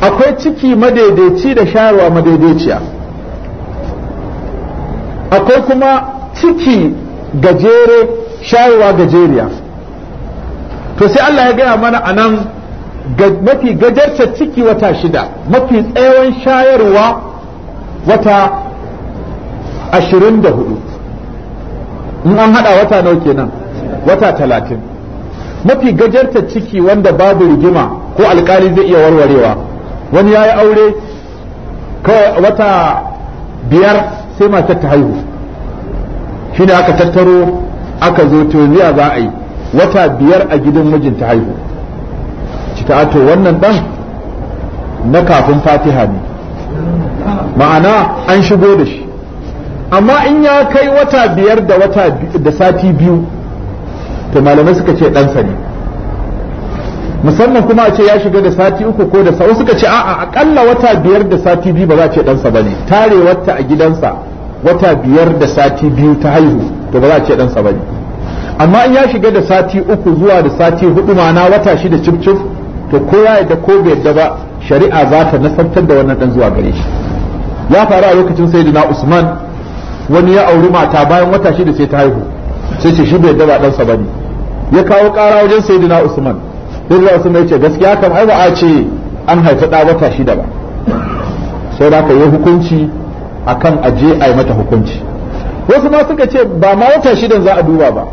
akwai ciki madaidaici da shayarwa madaidaiciya akwai kuma ciki gajere shayarwa gajeriya to sai Allah ya gaya mana anan mafi gajarta ciki wata shida mafi tsayawan shayarwa wata ashirin da hudu in an hada wata nau kenan wata talatin mafi gajarta ciki wanda babu rigima ko alkali zai iya warwarewa wani ya yi aure kawai wata biyar sai matar ta haihu ne aka tattaro aka zo to tuniya za a yi wata biyar a gidan mijin ta haihu cika to wannan dan na kafin fatiha ne ma'ana an shigo da shi amma in ya kai wata biyar da sati biyu to malamai suka ce ɗansa ne musamman kuma a ce ya shiga da sati uku ko da sa suka ce a'a akalla wata biyar da sati biyu ba za ce ɗansa ba ne wata a gidansa wata biyar da sati biyu ta haihu to ba za ce ɗansa ba ne amma in ya shiga da sati uku zuwa da sati hudu ma'ana wata shida cif cif to ko ya yadda ko bai yadda ba shari'a za ta nasabtar da wannan ɗan zuwa gare shi ya faru a lokacin sayyidina usman wani ya auri mata bayan wata shi da sai ta haihu sai ce shi bai yadda ba ɗansa ba ne ya kawo ƙara wajen sayyidina usman duk da sun ce gaskiya kam ai ba a ce an haifi ɗa wata shida ba sai da yi hukunci akan aje a yi mata hukunci wasu ma suka ce ba ma wata shidan za a duba ba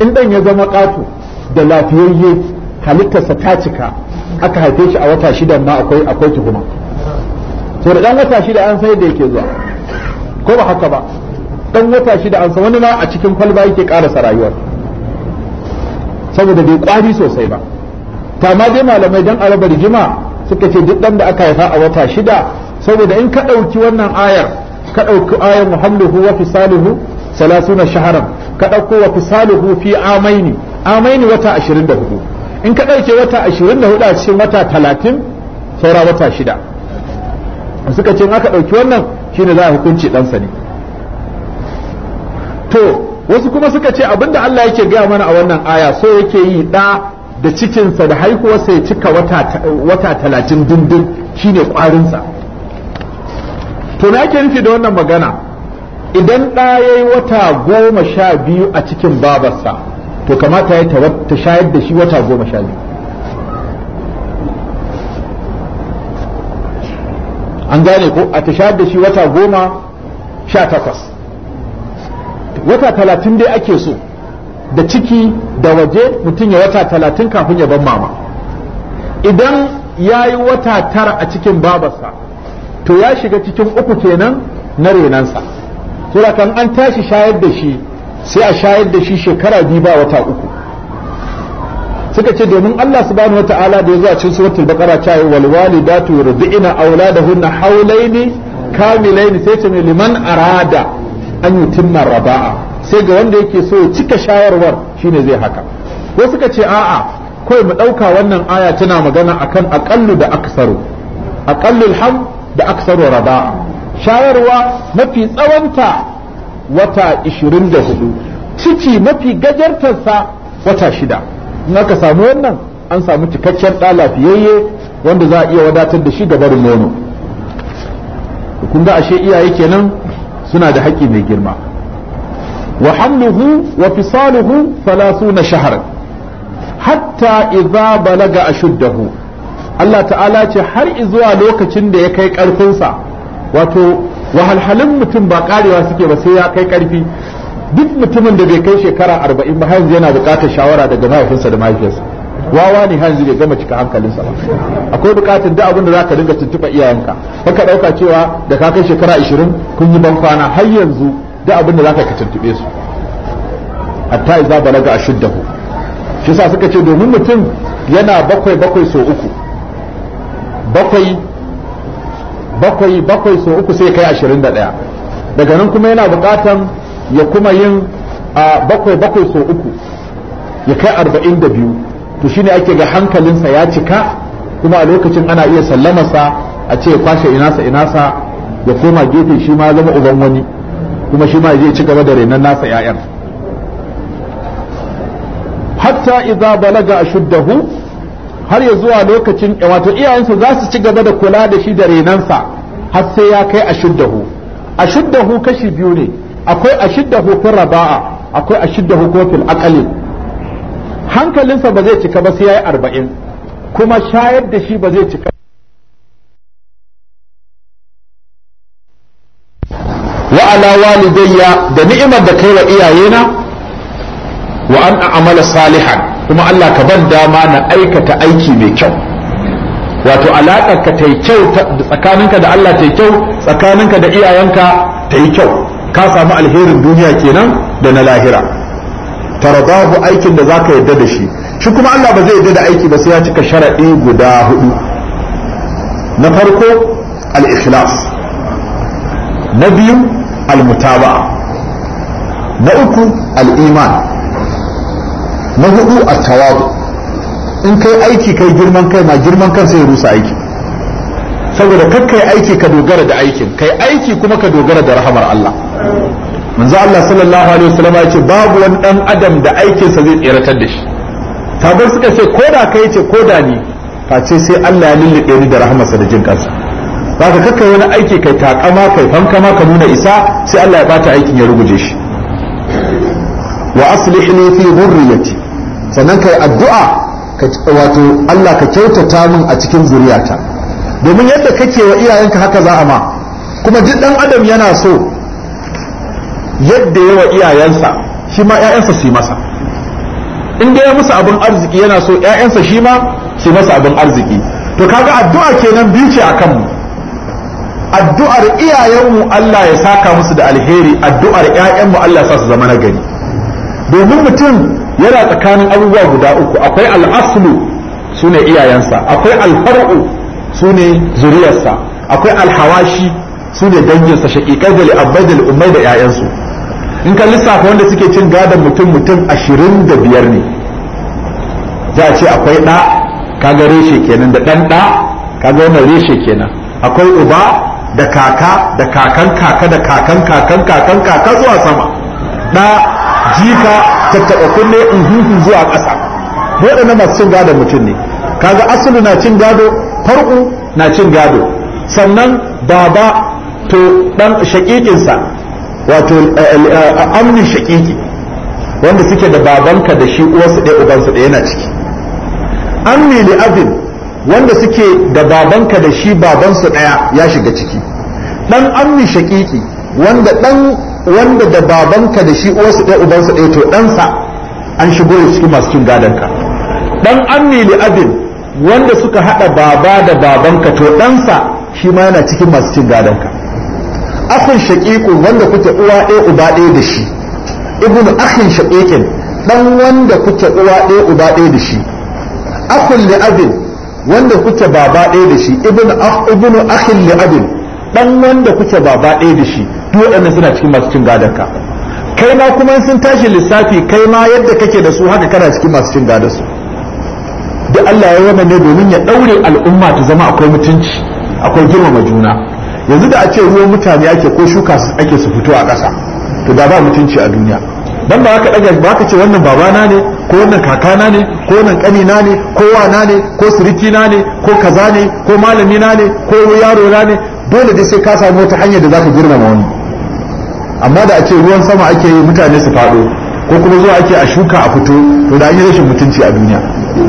in ɗan ya zama ƙato da lafiyayye halittarsa ta cika aka haife shi a wata shidan ma akwai akwai tuhuma to da ɗan wata shida an sai da yake zuwa ko ba haka ba ɗan wata shida an san wani ma a cikin kwalba yake karasa rayuwar saboda bai kwari sosai ba ta ma dai malamai dan Arabar jima suka ce duk dan da aka haifa a wata shida saboda in ka ɗauki wannan ayar ka ɗauki ayar muhammadu wa fisalihu salasuna shaharan ka ɗauko wa Fisaluhu fi amaini amaini wata ashirin da hudu in ka ɗauke wata ashirin da hudu a cikin wata talatin saura wata shida suka ce in aka ɗauki wannan shine za a hukunci ɗansa ne to wasu kuma suka ce abinda Allah yake gaya mana a wannan aya so yake yi ɗa da cikinsa da haihuwarsa ya cika wata talatin dindin shine kwarinsa to na ke nufi da wannan magana idan ɗa ya yi wata goma sha biyu a cikin babarsa to kamata ya ta shayar da shi wata goma sha biyu an gane ko a ta shayar da shi wata goma sha takwas wata talatin dai ake so da ciki da waje mutum ya wata talatin kafin ya ban mama idan ya yi wata tara a cikin babarsa to ya shiga cikin uku kenan na renansa tura kan an tashi shayar da shi sai a shayar da shi shekara biyu ba wata uku suka ce domin Allah wata ala da ya zo a cikin suratul baqara ta yi wal walidatu yurdi'na auladahunna hawlaini kamilaini sai ce liman arada an yi timma raba'a sai ga wanda yake so ya cika shayarwar shine zai haka wasu suka ce a'a kai mu ɗauka wannan aya tana magana akan aƙallu da aksaru aƙallul ham da aksaru raba'a shayarwa mafi tsawonta wata 24 ciki mafi sa wata shida in aka samu wannan an samu cikakken ɗa lafiyayye wanda za a iya wadatar da shi da barin nono kun ga ashe iyaye kenan suna da haƙƙi mai girma wa hamluhu wa fisaluhu 30 shahran hatta idza balaga ashuddahu Allah ta'ala ce har zuwa lokacin da ya kai ƙarfinsa wato wahalhalin mutum ba ƙarewa suke ba sai ya kai ƙarfi duk mutumin da bai kai shekara arba'in ba yanzu yana buƙatar shawara daga mahaifinsa da mahaifiyarsa wawa ne hanzu bai gama cika hankalinsa ba akwai bukatun da abin da za ka dinga tuntuɓa iyayenka ka ɗauka cewa da ka kai shekara ashirin kun yi ban kwana har yanzu da abin da za ka tuntuɓe su hatta iza balaga ashuddahu shi yasa suka ce domin mutum yana bakwai bakwai so uku bakwai bakwai bakwai so uku sai kai ashirin da daga nan kuma yana buƙatan ya kuma yin a bakwai bakwai so uku ya kai arba'in da biyu to shine ake ga hankalinsa ya cika kuma a lokacin ana iya sallamarsa a ce ya kwashe inasa inasa ya koma gefe shi ma zama uban wani kuma shi ma ya ci gaba da renan nasa 'ya'yan hatta idza balaga ashuddahu har ya zuwa lokacin eh, wato iyayensa za su ci gaba da kula da shi da renansa har sai ya kai ashuddahu ashuddahu kashi biyu ne akwai ashuddahu fil raba'a akwai ashuddahu ko fil aqali hankalinsa ba zai cika ba sai yayi arba'in kuma shayar da shi ba zai cika wa ala walidayya da ni'imar da kai wa iyayena wa an a'mala salihan kuma Allah ka ban dama na aikata aiki mai kyau wato alaƙar ka ta yi kyau tsakaninka da Allah ta yi kyau tsakaninka da iyayenka ta yi kyau ka samu alherin duniya kenan da na lahira taradahu aikin da zaka yadda da shi shi kuma Allah ba zai yadda da aiki ba sai ya cika sharadi guda hudu na farko al-ikhlas na biyu al-mutaba'a na uku al-iman na hudu at-tawadu in kai aiki kai girman kai ma girman kan sai rusa aiki saboda kakkai aiki ka dogara da aikin kai aiki kuma ka dogara da rahamar Allah manzo Allah sallallahu alaihi wasallam ya ce babu wani dan adam da aikinsa zai tseratar da shi tabar suka ce koda kai ce ko da ni face sai Allah ya lullube ni da rahmarsa da jin kansa baka kakka wani aiki kai takama kai fankama ka nuna isa sai Allah ya bata aikin ya ruguje shi wa aslih li fi dhurriyyati sannan kai addu'a wato Allah ka kyautata min a cikin zuriyata domin yadda kake wa iyayenka haka za a ma kuma duk dan adam yana so yadda yawa iyayensa shi ma ƴaƴansa su masa in dai ya musu abin arziki yana so 'ya'yansa shi ma su masa abin arziki to kaga addu'a kenan biyu ce akan mu addu'ar iyayenmu Allah ya saka musu da alheri addu'ar ƴaƴanmu Allah ya sa su zama nagari domin mutum yana tsakanin abubuwa guda uku akwai al'aslu su ne iyayensa akwai alfar'u su ne zuriyarsa akwai alhawashi su ne danginsa shaƙiƙai da li'abbai da al'ummai da 'ya'yansu in ka lissafa wanda suke cin gadon mutum mutum ashirin da biyar ne za a ce akwai ɗa kaga reshe kenan da ɗan ɗa kaga wannan reshe kenan akwai uba da kaka da kakan kaka da kakan kakan kakan kaka zuwa sama ɗa jika tattaɓa kunne in zuwa ƙasa na masu cin gadon mutum ne kaga asali na cin gado farko na cin gado sannan baba to ɗan shaƙiƙinsa wato eh, eh, eh, amni shakiki wanda suke da babanka da shi uwarsu ɗaya ubansu ɗaya yana ciki amni li abin wanda suke da babanka da shi babansu ɗaya ya shiga ciki dan amni shakiki wanda dan wanda da babanka da shi uwarsu ɗaya ubansu ɗaya to ɗansa an shigo da cikin masu cin gadonka dan amni li abin wanda suka haɗa baba da babanka to ɗansa shi ma yana cikin masu cin gadonka akun shaqiqun wanda kuke uwa ɗaya uba ɗaya da shi ibnu akhin shaqiqin dan wanda kuke uwa ɗaya uba ɗaya da shi akun li abin wanda kuke baba ɗaya da shi ibnu akh ibnu akhin li abin dan wanda kuke baba ɗaya da shi duk waɗannan suna cikin masu cin gadon ka kai ma kuma sun tashi lissafi kai ma yadda kake da su haka kana cikin masu cin gadon su da Allah ya yi wannan ne domin ya daure al'umma ta zama akwai mutunci akwai girmama juna yanzu da a ce ruwan mutane ake ko shuka ake su fito a ƙasa to da ba mutunci a duniya dan ba ka daga ba ka ce wannan babana ne ko wannan kakana ne ko wannan ƙanina ne ko wana ne ko siriki na ne ko kaza ne ko malami na ne ko yaro na ne dole dai sai ka samu wata hanyar da zaka girmama wani amma da a ce ruwan sama ake yi mutane su faɗo ko kuma zuwa ake a shuka a fito to da an yi rashin mutunci a duniya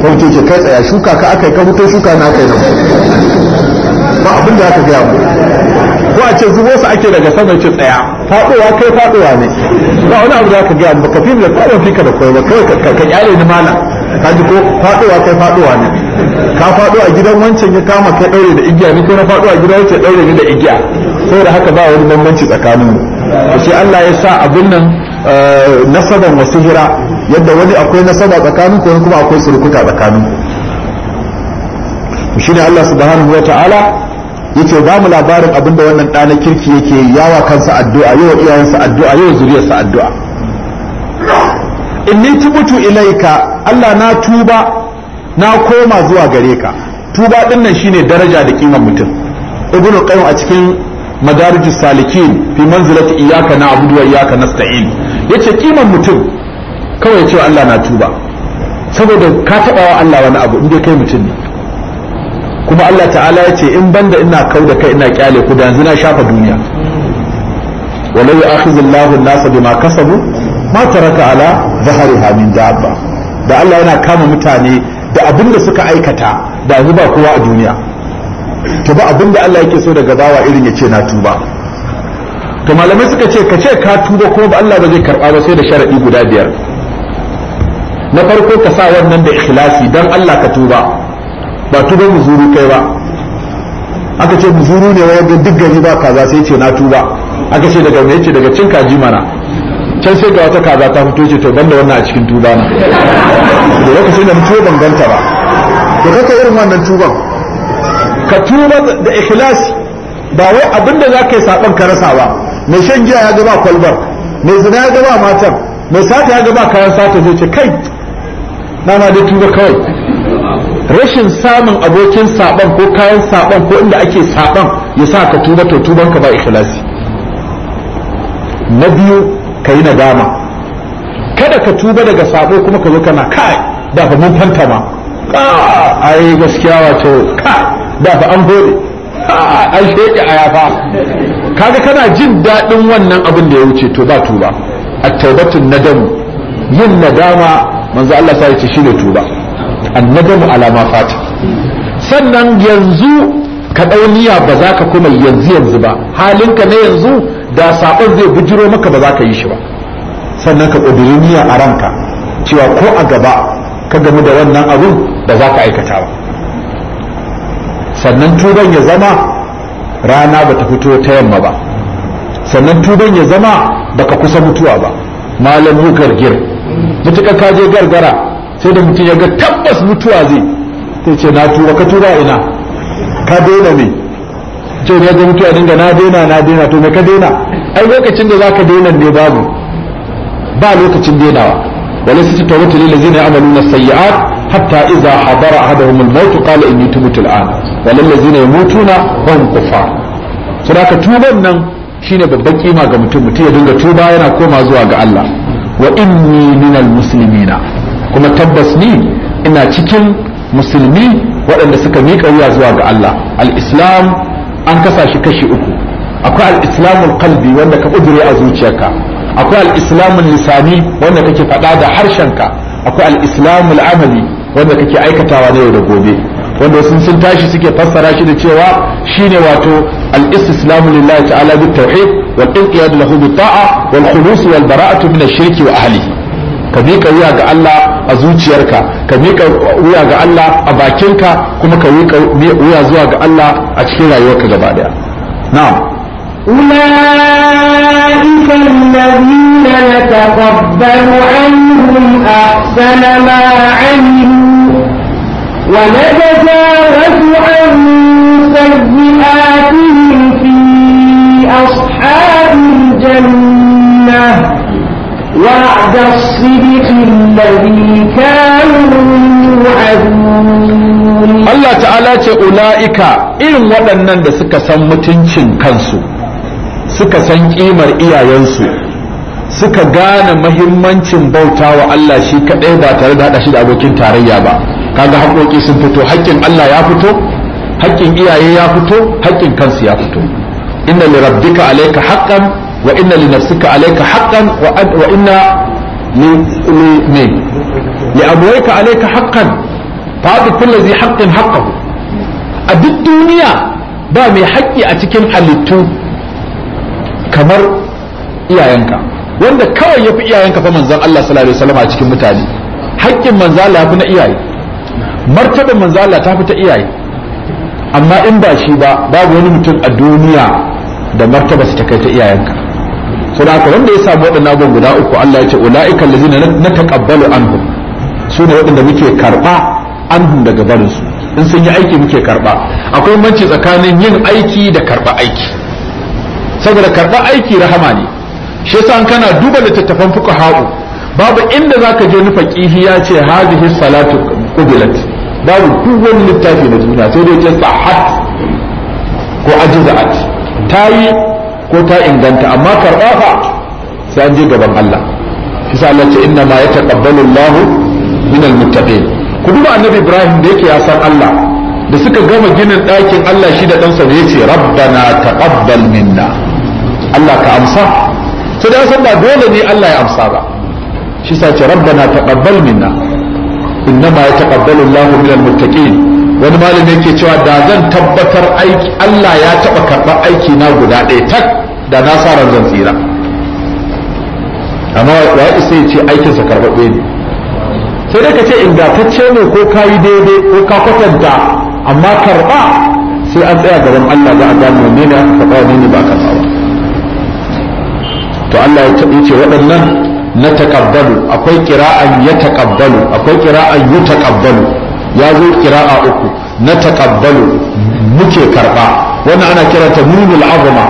ko mutum ke kai tsaya shuka ka aka yi ka fito shuka na aka yi ba abin da aka gaya mu ko a ce zubo su ake daga sama ce tsaya faɗowa kai faɗowa ne ba wani abu da aka gaya mu ka fi da faɗowa ka da koyo ba kai ka kyale ni mala ka ji ko faɗowa kai faɗowa ne ka faɗo a gidan wancan ya kama kai ɗaure da igiya ni ko na faɗo a gidan wancan ɗaure ni da igiya Sai da haka ba wani bambanci tsakanin mu sai Allah ya sa abin nan eh, nasaban wasihira yadda wani akwai nasaba tsakanin ku kuma akwai surukuta tsakanin ku shi ne Allah subhanahu wa ta'ala yace ba mu labarin abinda wannan ɗana kirki yake yawa kansa addu'a yau iyayensa addu'a yau zuriyarsa addu'a In inni tubutu ilaika Allah na tuba na koma zuwa gare ka tuba din nan shine daraja da ƙiman mutum ibn qayyim a cikin madarijus salikin fi manzilati iyyaka na'budu wa iyyaka nasta'in yace ƙiman mutum kawai cewa Allah na tuba saboda ka taba wa Allah wani abu inda kai mutum ne kuma Allah ta'ala ya ce in banda ina kau da kai ina kyale ku da yanzu na shafa duniya walau ya'khudhullahu an-nasa bima kasabu ma taraka ala zahriha min dabba da Allah yana kama mutane da abin da suka aikata da yanzu ba kowa a duniya to ba abin da Allah yake so daga bawa irin ya ce na tuba to malamai suka ce ka ce ka tuba kuma ba Allah ba zai karba ba sai da sharadi guda biyar na farko ka sa wannan da ikhlasi dan Allah ka tuba ba tuba muzuru kai ba aka ce muzuru ne wayar duk gari ba kaza sai ce na tuba aka ce daga me ce daga cin kaji mana can sai ga wata kaza ta fito ce to banda wannan a cikin tuba na da lokacin da mutuwa ban ganta ba to kaka irin wannan tuban ka tuba da ikhlasi ba wai abinda za ka yi saban ka rasa ba mai shan giya ya gaba kwalbar mai zina ya gaba matar mai sata ya gaba kayan sata zai ce kai na na dai tuba kawai rashin samun abokin saban ko kayan saban ko inda ake saban ya sa ka tuba to tuban ka ba ikhlasi na biyu ka yi nadama kada ka tuba daga sabo kuma ka zo kana kai da ba mun fanta ma ka ai gaskiya wato ka da ba an gode an sheke a yafa kaga kana jin daɗin wannan abin da ya wuce to ba tuba at-taubatun nadam yin nadama manzo Allah sai ya ce shine tuba annadamu ala ma fata sannan yanzu ka dauniya ba za ka kuma yanzu yanzu ba halinka na yanzu da sabon zai bujiro maka ba za ka yi shi ba sannan ka ƙudiri niyya a ranka cewa ko a gaba ka gamu da wannan abun ba za ka aikata ba sannan tuban ya zama rana ba ta fito ta yamma ba sannan tuban ya zama baka kusa mutuwa ba malam mukar gir mutuka ka je gargara sai da mutum ya ga tabbas mutuwa zai sai ce na tura ka tura ina ka daina ne ce ne ga mutuwa dinga na daina na daina to me ka daina ai lokacin da za ka daina ne babu ba lokacin dainawa وليست التوبة للذين يعملون السيئات حتى إذا حضر أحدهم الموت قال إني mutu na ban kufa su da saboda tuban nan shine babban kima ga mutum mutum ya dinga tuba yana koma zuwa ga Allah wa inni minal muslimina kuma tabbas ni ina cikin musulmi waɗanda suka miƙa wuya zuwa ga Allah al-islam an kasa shi kashi uku akwai al-islamul qalbi wanda ka kudure a zuciyarka akwai al-islamul lisani wanda kake faɗa da harshenka akwai al-islamul amali wanda kake aikatawa na yau da gobe wanda sun sun tashi suke fassara shi da cewa shine wato al-istislamu lillahi ta'ala bit tauhid wal inqiyad lahu bit ta'a wal khulus wal bara'atu min ash-shirki wa ahlihi ka miƙa wuya ga Allah a zuciyarka ka miƙa wuya ga Allah a bakinka kuma ka miƙa wuya zuwa ga Allah a cikin rayuwarka gaba daya na'am أولئك الذين نتقبل عنهم أحسن ما عملوا ونتجاوز عن سيئاتهم في أصحاب الجنة وعد الصدق الذي كانوا يوعدون الله ce ula'ika irin waɗannan da suka san mutuncin kansu suka san ƙimar iyayensu suka gane mahimmancin bauta wa Allah shi kaɗai ba tare da haɗa shi da abokin tarayya ba kaga haƙoƙi sun fito haƙƙin Allah ya fito haƙƙin iyaye ya fito haƙƙin kansu ya fito inna li alaika alayka wa inna li nafsika alayka haqqan wa inna li li abawayka alayka haqqan fa hadu kullu zai haqqin haqqahu a duk duniya ba mai haƙƙi a cikin halittu kamar iyayenka wanda kawai ya fi iyayenka fa manzon Allah sallallahu alaihi wasallam a cikin mutane haƙƙin manzo Allah fi na iyaye martabar manzo Allah ta fi ta iyaye amma in ba shi ba babu wani mutum a duniya da martabarsa ta kai ta iyayenka saboda wanda ya samu waɗannan abubuwan guda uku Allah ya ce ulaika allazina nataqabbalu anhum su ne waɗanda muke karɓa anhum daga barin su in sun yi aiki muke karɓa akwai banci tsakanin yin aiki da karɓa aiki saboda karɓa aiki rahama ne shi yasa kana duba littattafan fuqaha'u babu inda zaka je wani faqihi ya ce hadhihi salatu qubilat babu duk wani littafi na duniya sai dai ta sahat ko ajizat tayi ko ta inganta amma karɓa fa sai an je gaban Allah kisa Allah ce inna ma yataqabbalu Allah min almuttaqin ku duba annabi Ibrahim da yake ya san Allah da suka gama ginin ɗakin Allah shi da ɗansa ne yace rabbana taqabbal minna Allah ka amsa sai da san ba dole ne Allah ya amsa ba shi sa ce rabbana taqabbal minna inna ma yataqabbalu Allah min almuttaqin wani malami yake cewa da zan tabbatar aiki Allah ya taba karɓar aiki na guda ɗaya tak da na sa ran zan tsira amma ya isa ya ce aikinsa karɓaɓɓe ne sai dai ka ce ingantacce ne ko ka yi daidai ko ka kwatanta amma karɓa sai an tsaya gaban Allah za a gano ne da aka karɓa ne ba karɓa ba to Allah ya taɓa ce waɗannan na takabbalu akwai kira'an ya takabbalu akwai kira'an yu takabbalu ya zo kira'a uku na takabbalu muke karɓa. wannan ana ta nunul azma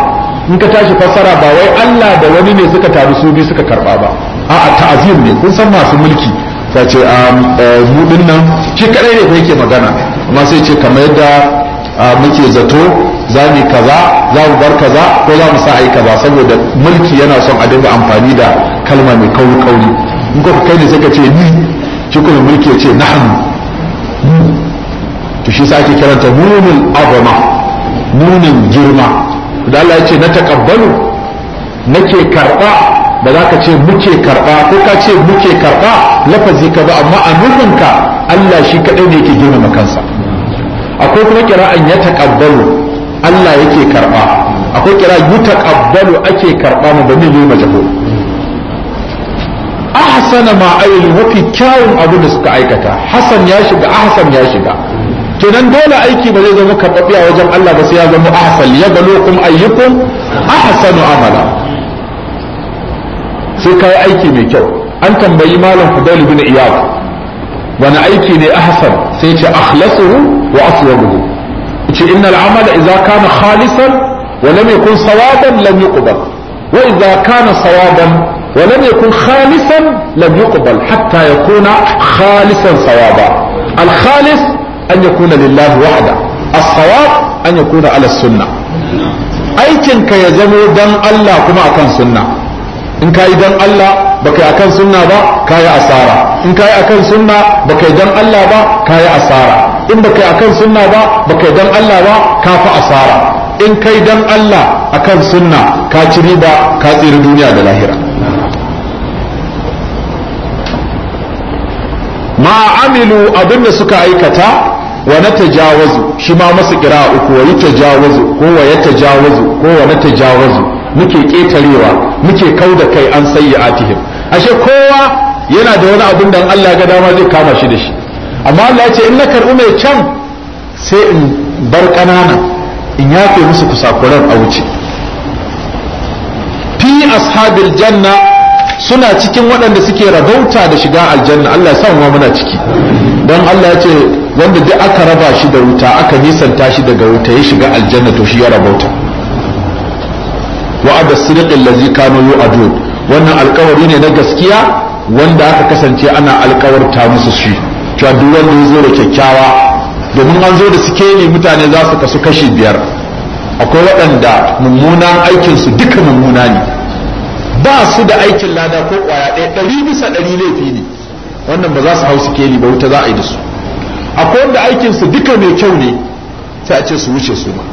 in ka tashi fassara ba wai Allah da wani ne suka taru su bi suka karɓa ba a'a ta'zim ne kun san masu mulki ta ce eh, mu nan shi kadai ne fa yake magana amma sai ce kamar yadda muke zato za mu kaza za mu bar kaza ko za mu sa ai kaza saboda mulki yana son a dinga amfani da kalma mai kauri kauri in ka kai ne sai ka ce ni cikin mulki ya ce na'am to shi sa karanta kiranta nunul azama nunin girma da Allah ya ce na takabbalu nake karba ba za ka ce muke karba ko ka ce muke karba lafazi ka ba amma a ka Allah shi kadai ne yake girmama kansa akwai kuma kira'an ya takabbalu Allah yake karba akwai kira'an ya takabbalu ake karba mu ba ne majhul ahsana ma ailu mafi kyawun abu da suka aikata hasan ya shiga ahsan ya shiga kenan dole aiki ba zai zama karɓaɓɓe a wajen Allah ba sai ya zama ahsan ya balo kuma ayyukum ahsanu amala sai kai aiki mai kyau an tambayi malam Fudail bin Iyad wani aiki ne ahsan sai ce akhlasuhu wa aswabuhu ce innal amala idza kana khalisan wa lam yakun sawaban lam yuqbal wa idza kana sawaban ولم يكن خالصا لم يقبل حتى يكون خالصا صوابا الخالص أن يكون لله وحده الصواب أن يكون على السنة aikinka ya zamo dan Allah kuma akan sunna in kayi dan Allah baka yi akan sunna ba kayi asara in kayi akan sunna baka yi dan Allah ba kayi asara in baka yi akan sunna ba baka dan Allah ba ka fi asara in kai dan Allah akan sunna ka ci riba ka tsiri duniya da lahira ma amilu abin da suka aikata wa na tajawazu shi ma masu kira uku wa yi tajawazu ko wa ya tajawazu ko wa na tajawazu muke ketarewa muke kau da kai an atihim ashe kowa yana da wani abin da Allah ga dama zai kama shi da shi amma Allah ya ce in na karɓi mai can sai in bar ƙanana in yafe musu kusakuran a wuce fi ashabil janna suna cikin waɗanda suke rabauta da shiga aljanna Allah ya sa muna ciki don Allah ya ce wanda duk aka raba shi da wuta aka nisanta shi daga wuta ya shiga aljanna to shi ya rabauta wa'ada sirqil ladzi kanu yu'adu wannan alƙawari ne na gaskiya wanda aka kasance ana alkawarta musu shi cewa duk wanda ya zo da kyakkyawa domin an zo da suke ne mutane za su kasu kashi biyar akwai waɗanda mummunan aikinsu duka mummuna ne ba su da aikin lada ko kwaya ɗaya ɗari bisa ɗari laifi ne wannan ba za su hau sikeli ba wuta za a yi da su akwai wanda aikin su duka mai kyau ne sai a ce su wuce su ma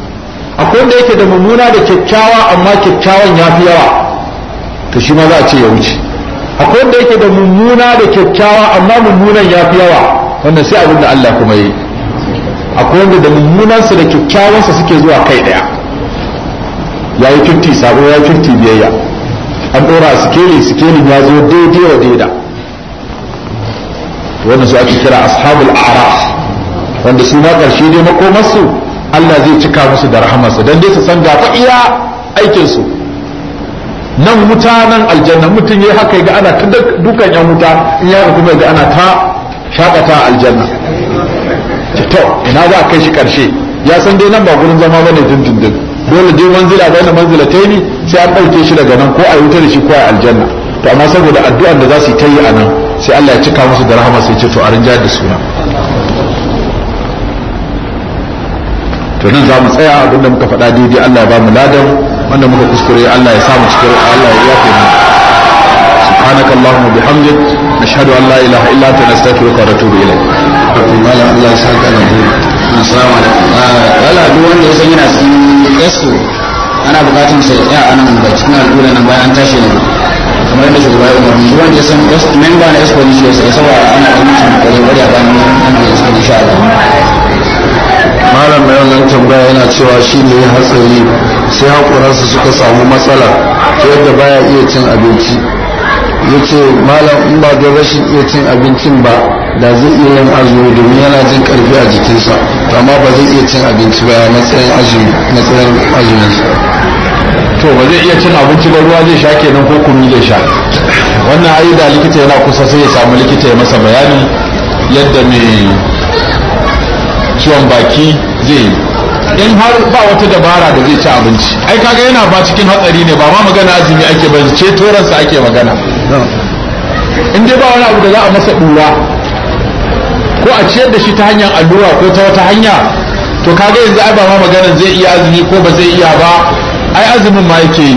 akwai wanda yake da mummuna da kyakkyawa amma kyakkyawan ya fi yawa to shi ma za a ce ya wuce akwai wanda yake da mummuna da kyakkyawa amma mummunan ya fi yawa wannan sai abin da Allah kuma yi akwai wanda da mummunansa da kyakkyawansa suke zuwa kai ɗaya. ya yi 50 sabo ya yi 50 biyayya an ɗora a sikeli sikelin ya zo daidai wa daida wanda su ake kira ashabul araf wanda su na ƙarshe dai makomarsu Allah zai cika musu da rahamarsa dan dai su san ga fa iya su. nan wuta nan aljanna mutum yayi haka ga ana ta dukan yan wuta in ya kuma ga ana ta shakata aljanna to ina za a kai shi ƙarshe ya san dai nan ba gurin zama bane dindindin dole duk manzila bai na manzila ta yi sai an ɗauke shi daga nan ko a wuta da shi ko a aljanna to amma saboda addu'ar da za su yi ta yi a nan sai Allah ya cika musu da rahama sai ce to a rinja da suna to nan za mu tsaya abinda muka faɗa daidai Allah ya ba mu ladan wanda muka kuskure Allah ya sa samu cikin Allah ya yafe mu سبحانك اللهم وبحمدك نشهد ان لا اله الا انت نستغفرك ونتوب اليك. الله يسعدك assalamu alaikum ah, wala duk wanda ya san yana cikin yasu ana bukatun sai ya anan ba cikin al'ura nan bayan tashi ne kamar yadda shugaba ya umarni duk wanda ya san memba na yasu ne sai saboda ana da mutum kare bari a bayan an da yasu insha Allah malam mai wannan tambaya yana cewa shi ne ya hatsari sai haƙuransa suka samu matsala ta yadda baya iya cin abinci ya ce malam in ba don rashin iya cin abincin ba da zai iya yin azumi domin yana jin karfi a jikinsa amma ba zai iya cin abinci ba matsayin azumi matsayin azumi to ba zai iya cin abinci ba ruwa zai sha kenan ko kunu zai sha wannan ayi da likita yana kusa sai ya samu likita ya masa bayani yadda mai ciwon baki zai in har ba wata dabara da zai ci abinci ai kaga yana ba cikin hatsari ne ba ma magana azumi ake ba ce toransa ake magana in dai ba wani abu da za a masa ɗura ko a ciyar da shi ta hanyar allura ko ta wata hanya to kaga yanzu ai ba ma magana zai iya azumi ko ba zai iya ba ai azumin ma yake yi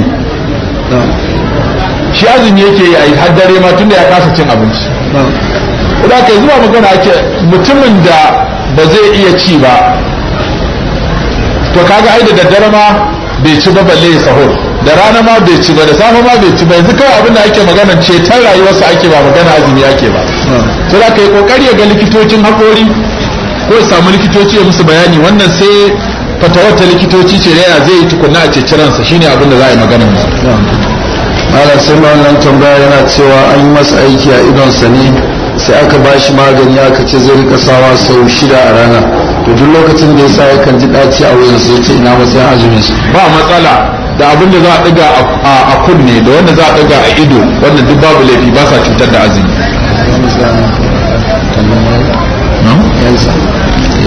shi azumi yake yi ai har dare ma tunda ya kasa cin abinci kuma ka zuwa magana ake mutumin da ba zai iya ci ba to kaga ai da daddare ma bai ci ba balle ya sahur da rana ma bai ci ba da safe ma bai ci ba yanzu kawai abin da ake magana ce rayuwar rayuwarsa ake ba magana azumi ake ba to ka kai kokari ya ga likitocin hakori ko ya samu likitoci ya musu bayani wannan sai fatawar ta likitoci ce da yana zai yi tukunna a ceci ransa shine abin za a yi magana ba hmm. malam sai wannan tambaya yana cewa an yi masa aiki a idonsa ne sai aka bashi magani aka ce zai rika sawa sau shida a rana to duk lokacin da yasa yakan ji daci a wurin su ce ina matsayin azumin su ba matsala da abin da za a ɗiga a kunne da wanda za a ɗiga a ido wanda duk babu laifi ba sa cutar da azumi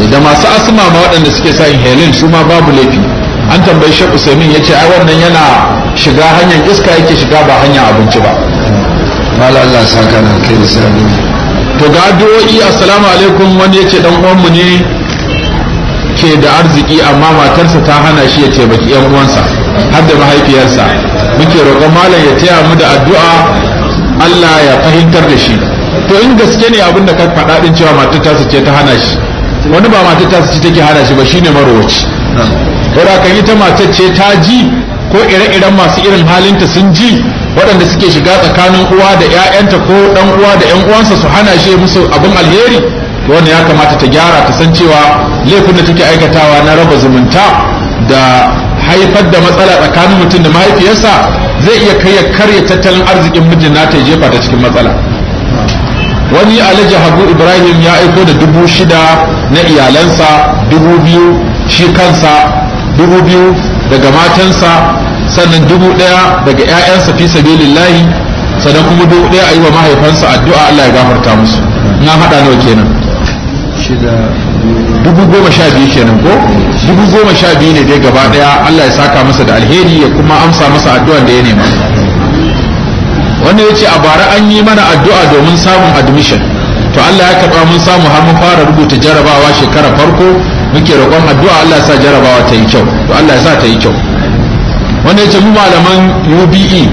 eh, da masu asma ma waɗanda suke sa helin su ma babu laifi an tambayi shek usaimin ya ce ai wannan yana shiga hanyar iska yake shiga ba hanyar abinci ba mala allah sa kana kai da sami to ga addu'o'i assalamu alaikum wani ya ce dan mu ne Ke da arziki amma matarsa ta hana shi ya taimaki yan uwansa har da mahaifiyarsa muke roƙon malam ya taya mu da addu'a Allah ya fahimtar da shi to in gaske ne abin da ka faɗa din cewa matar ta ce ta hana shi wani ba matar ta ce take hana shi ba shine marowaci wanda kan ita matar ce ta ji ko ire-iren masu irin halinta sun ji waɗanda suke shiga tsakanin uwa da 'ya'yanta ko ɗan uwa da 'yan uwansa su hana shi musu abin alheri to wannan ya kamata ta gyara ta san cewa laifin da take aikatawa na raba zumunta da haifar da matsala tsakanin mutum da mahaifiyarsa zai iya kai ya karya tattalin arzikin mijin nata ya jefa ta cikin matsala wani alhaji habu ibrahim ya aiko da dubu shida na iyalansa dubu biyu shi kansa dubu biyu daga matansa sannan dubu ɗaya daga 'ya'yansa fi sabilillahi sannan kuma dubu ɗaya a yi wa mahaifansa addu'a Allah ya gafarta musu na haɗa nawa kenan dubu goma sha biyu kenan ko dubu goma sha biyu ne dai gaba daya Allah ya saka masa da alheri ya kuma amsa masa addu'an da ya nema wanda ya ce a bara an yi mana addu'a domin samun admission to Allah ya karɓa mun samu har mun fara rubuta jarabawa shekara farko muke roƙon addu'a Allah ya sa jarabawa ta yi kyau to Allah ya sa ta yi kyau wanda ya ce mu malaman UBE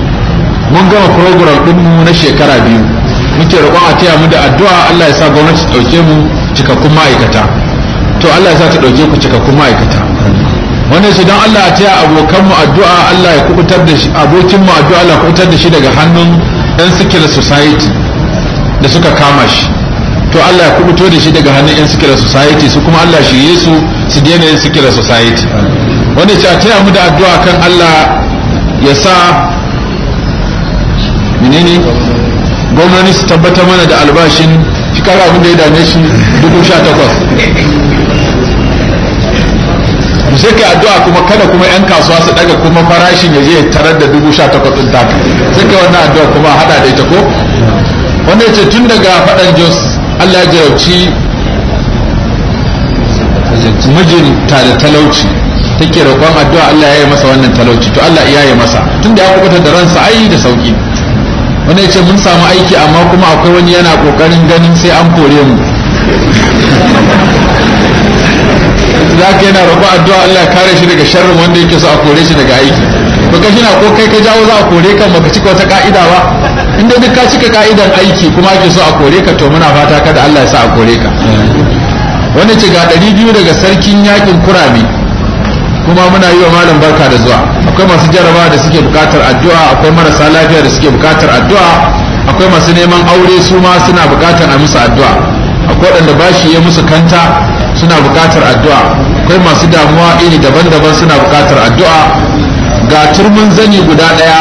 mun gama program mu na shekara biyu muke roƙon a taya mu da addu'a Allah ya sa gwamnati ta ɗauke mu cikakkun ma'aikata to Allah ya sa ta ɗauke ku cikakkun ma'aikata wannan shi don Allah ya taya abokanmu addu'a Allah ya kubutar da shi abokinmu addu'a Allah ya kubutar da shi daga hannun yan sikil society da suka kama shi to Allah ya kubuto da shi daga hannun yan sikil society su kuma Allah shirye su su daina yan sikil society wanda ce a taya mu da addu'a kan Allah ya sa menene gwamnati su tabbata mana da albashin kawai abin da ya dame shi dubu sha takwas sai kai addu'a kuma kada kuma yan kasuwa su daga kuma farashin ya je tarar da dubu sha takwas ɗin taka sai kai wannan addu'a kuma hada da ita ko wanda ya ce tun daga faɗan jos allah ya jarauci mijinta da talauci take roƙon addu'a allah ya yi masa wannan talauci to allah ya yi masa tun da ya kubuta da ransa ai da sauki wani ya ce mun samu aiki amma kuma akwai wani yana kokarin ganin sai an kore mu za ka yana roƙo addu'a Allah ya kare shi daga sharrin wanda yake so a kore shi daga aiki ba shi na ko kai ka jawo za a kore ka ka cika wata ka'ida ba inda duk ka cika ka'idan aiki kuma ake so a kore ka to muna fata kada Allah ya sa a kore ka wanda ce ga biyu daga sarkin yakin kurame kuma muna yi wa malam barka da zuwa akwai masu jaraba da suke bukatar addu'a akwai marasa lafiya da suke bukatar addu'a akwai masu neman aure su ma suna bukatar a musu addu'a akwai waɗanda bashi ya musu kanta suna bukatar addu'a akwai masu damuwa iri daban-daban suna bukatar addu'a ga turmin zani guda ɗaya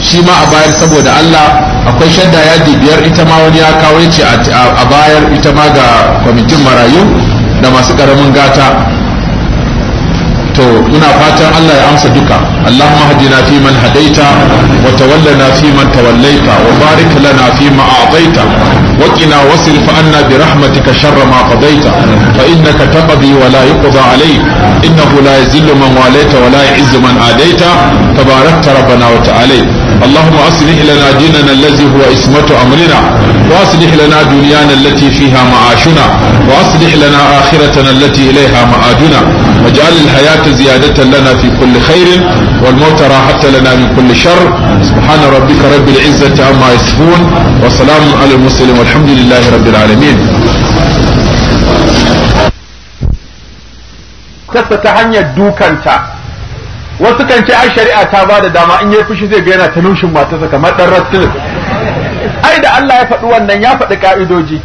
shi ma a bayar saboda Allah akwai shadda yadi biyar ita ma wani ya kawo ce a bayar ita ma ga kwamitin marayu da masu karamin gata to ina fatan Allah ya amsa duka Allahumma hadina fi man hadaita wa tawallana fi man tawallaita wa barik lana fi ma a'taita wa qina wasrif anna bi rahmatika sharra ma qadaita fa innaka taqdi wa la yuqda alayk innahu la yazillu man walaita wa la yu'izzu man adaita tabarakta rabbana wa ta'ala اللهم أصلح لنا ديننا الذي هو اسمة أمرنا وأصلح لنا دنيانا التي فيها معاشنا وأصلح لنا آخرتنا التي إليها معادنا واجعل الحياة زيادة لنا في كل خير والموت راحة لنا من كل شر سبحان ربك رب العزة عما يصفون وسلام على المسلم والحمد لله رب العالمين wasu kan ce ai shari'a ta ba da dama in ya fushi zai ga yana ta nushin matarsa kamar dan rasul ai da Allah ya faɗi wannan ya faɗi ka'idoji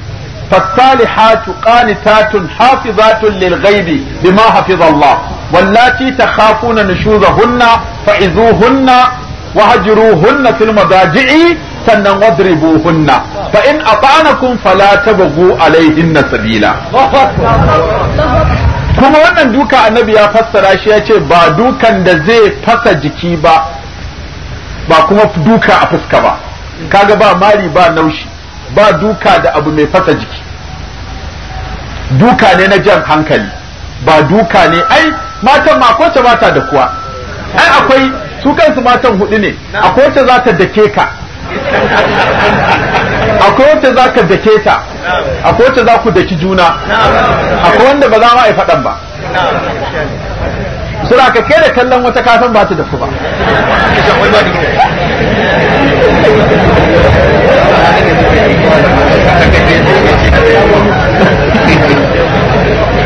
fasalihatu qanitatun hafizatun lilghaib bima hafizallah wallati hunna, nushuzahunna fa'izuhunna wahjuruhunna fil madaji'i sannan hunna. fa in a ata'anakum fala tabghu alayhinna sabila kuma wannan duka annabi ya fassara shi ya ce ba dukan da zai fasa jiki ba ba kuma duka a fuska ba kaga ba mari ba naushi ba duka da abu mai fasa jiki duka ne na jan hankali ba duka ne ai matan ma kowace mata da kuwa ai akwai su kansu matan hudu ne a wacce za ta dake ka akwai wacce za ka dake ta akwai wacce za ku daki juna akwai wanda ba za ma yi faɗan ba sura ka kai da kallon wata kafin ba ta dafu ba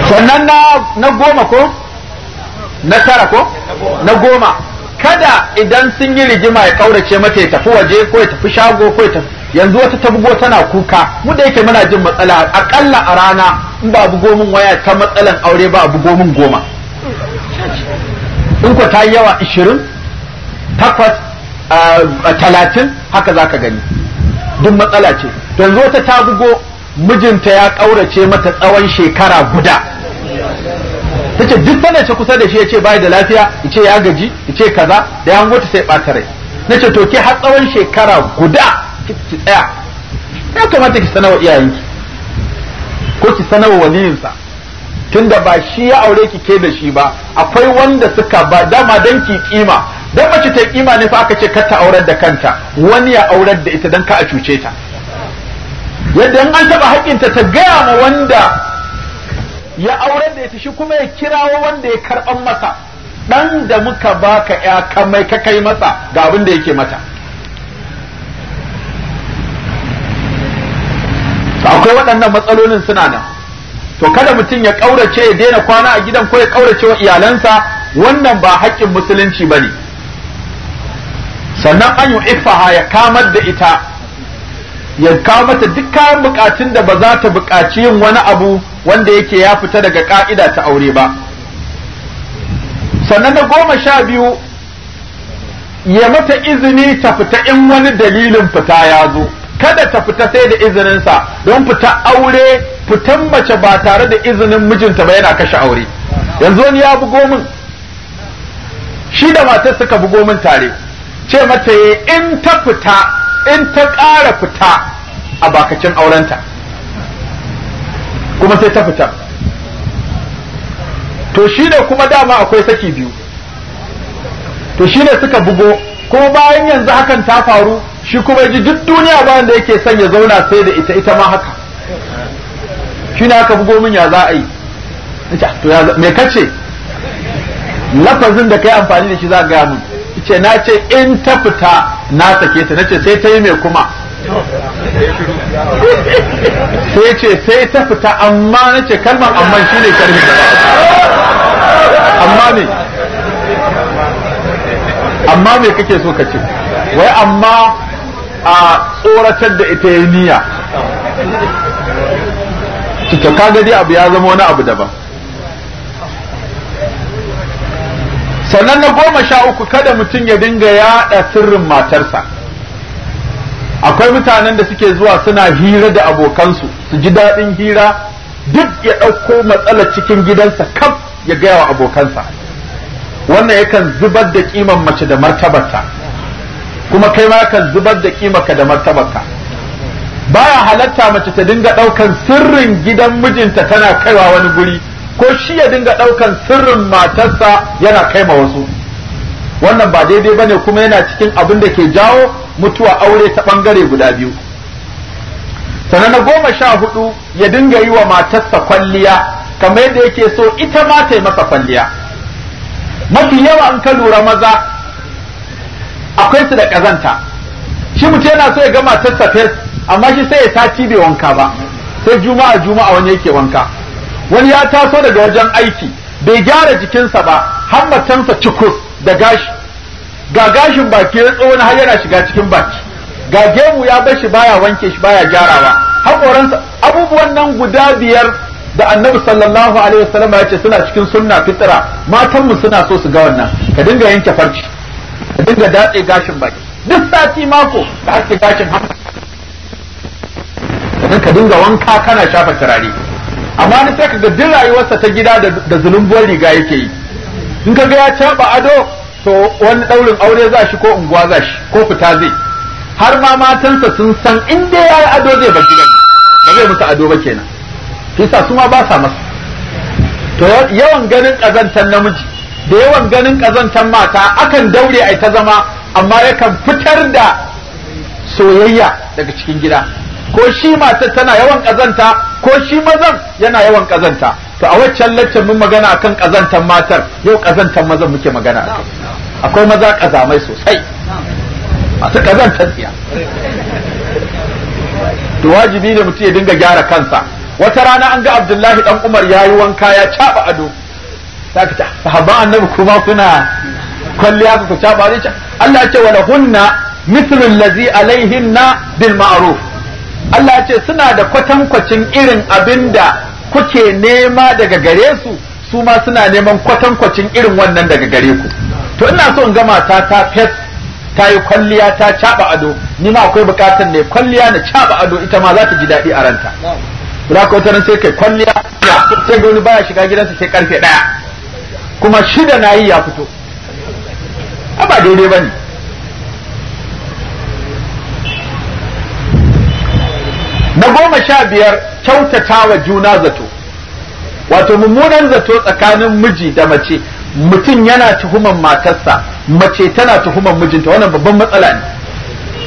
sannan na goma ko na tara ko na goma kada idan sun yi rigima ya kaurace mata ya tafi waje ko ya tafi shago ko ya tafi yanzu wata ta bugo tana kuka mu da yake muna jin matsala akalla a rana in ba bugo min waya ta matsalan aure ba bugo min goma in ko ta yi yawa ishirin takwas talatin haka za ka gani duk matsala ce yanzu wata ta bugo mijinta ya ƙaurace mata tsawon shekara guda ta ce duk tana ce kusa da shi ya ce bai da lafiya ya ce ya gaji ya ce kaza da ya ta sai ɓata rai na ce to ke har tsawon shekara guda ki tsaya ya kamata ki sanawa iyayenki ko ki sanawa waliyinsa tunda ba shi ya aure ki ke da shi ba akwai wanda suka ba dama dan ki kima dan mace ta kima ne fa aka ce ka ta aurar da kanta wani ya aurar da ita dan ka a cuce ta yadda an taba haƙinta ta gaya ma wanda ya aurar da ita shi kuma ya kirawo wanda ya karɓar masa dan da muka baka ya kamai ka kai masa ga abin da yake mata akwai waɗannan matsalolin suna nan to kada mutum ya ƙaurace ya daina kwana a gidan ko ya ƙaurace wa iyalansa wannan ba haƙƙin musulunci ba ne sannan an yi ifaha ya kamar da ita ya kawo mata duk kayan buƙatun da ba za ta buƙaci yin wani abu wanda yake ya fita daga ƙa'ida ta aure ba sannan na goma sha biyu ya mata izini ta fita in wani dalilin fita ya zo kada ta fita sai da izininsa don fita aure fitan mace ba tare da izinin mijinta ba yana kashe aure yanzu wani ya bugo min shi da matar suka bugo min tare ce mata ya eh, in ta fita in ta ƙara fita a bakacin aurenta kuma sai ta fita to shi da kuma dama akwai saki biyu to shi ne suka bugo ko bayan yanzu hakan ta faru shi kuma ji duk duniya ba wanda yake son ya zauna sai da ita ita ma haka shi ne aka bugo min ya za a yi to ya me kace lafazin da kai amfani da shi za ga mun ce na ce in ta fita na sake ta nace sai ta yi mai kuma sai ce sai ta fita amma nace kalmar amma shine karfi amma me amma me kake so ka ce wai amma a tsoratar da ita ya niyya to kaga dai abu ya zama wani abu daban sannan na goma sha uku kada mutum ya dinga yaɗa sirrin matarsa akwai mutanen da suke zuwa suna hira da abokansu su ji daɗin hira duk ya ɗauko matsalar cikin gidansa kaf ya gaya wa abokansa wannan yakan zubar da kiman mace da martabarta kuma kai ma kan zubar da kimaka da martabarka baya halatta mace ta dinga ɗaukan sirrin gidan mijinta tana kaiwa wani guri ko shi ya dinga ɗaukan sirrin matarsa yana kaima wasu wannan ba daidai bane kuma yana cikin abin da ke jawo mutuwa aure ta ɓangare guda biyu sannan na goma sha hudu ya dinga yi wa matarsa kwalliya kamar yadda yake so ita ma ta yi masa kwalliya mafi yawa an ka lura maza akwai su da kazanta shi mutum yana so ya gama matarsa fes amma shi sai ya sati bai wanka ba sai juma'a juma'a wani yake wanka wani ya taso daga wajen aiki bai gyara jikinsa ba hammatansa cikus da gashi ga gashin baki ya tsohon har yana shiga cikin baki ga gemu ya bar shi baya wanke shi baya gyarawa haƙoransa abubuwan nan guda biyar da annabi sallallahu alaihi wasallam ya ce suna cikin sunna fitira matanmu suna so su ga wannan ka dinga yanke farci ka dinga datse gashin baki duk sati mako ka haske gashin hamma ka dinga wanka kana shafa turare amma ni sai ka rayuwarsa ta gida da zulumbuwar riga yake yi in ka ga ya caba ado to wani daurin aure za shi ko unguwa za shi ko fita zai har ma matansa sun san in dai ya yi ado zai bar gidan ba zai musu ado ba kenan shi sa su ma ba sa masa to yawan ganin kazantar namiji da yawan ganin ƙazantar mata akan daure a ta zama amma yakan fitar da soyayya daga cikin gida ko shi mata tana yawan ƙazanta ko shi mazan yana yawan ƙazanta to a waccan laccan mun magana akan ƙazantar matar yau ƙazantar mazan muke magana akwai maza ƙazamai sosai masu ƙazantar tsiya to wajibi ne mutum ya dinga gyara kansa wata rana an ga abdullahi dan umar ya yi wanka ya caɓa ado ta kace annabi kuma suna kwalliya su ta bare ta Allah ya ce wala hunna mithlu allazi alaihinna bil ma'ruf Allah ya ce suna da kwatankwacin irin abinda kuke nema daga gare su su ma suna neman kwatankwacin irin wannan daga gare ku to ina so in ga mata ta fes ta yi kwalliya ta caba ado ni ma akwai bukatar ne kwalliya na caba ado ita ma za ta ji daɗi a ranta. Bura ko sai kai kwalliya sai ga wani baya shiga gidansa sai karfe ɗaya. kuma shida na yi ya fito ba daidai ba ne na goma sha biyar kyautata wa juna zato wato mummunan zato tsakanin miji da mace mutum yana tuhuman matarsa mace tana tuhuman mijinta wannan babban matsala ne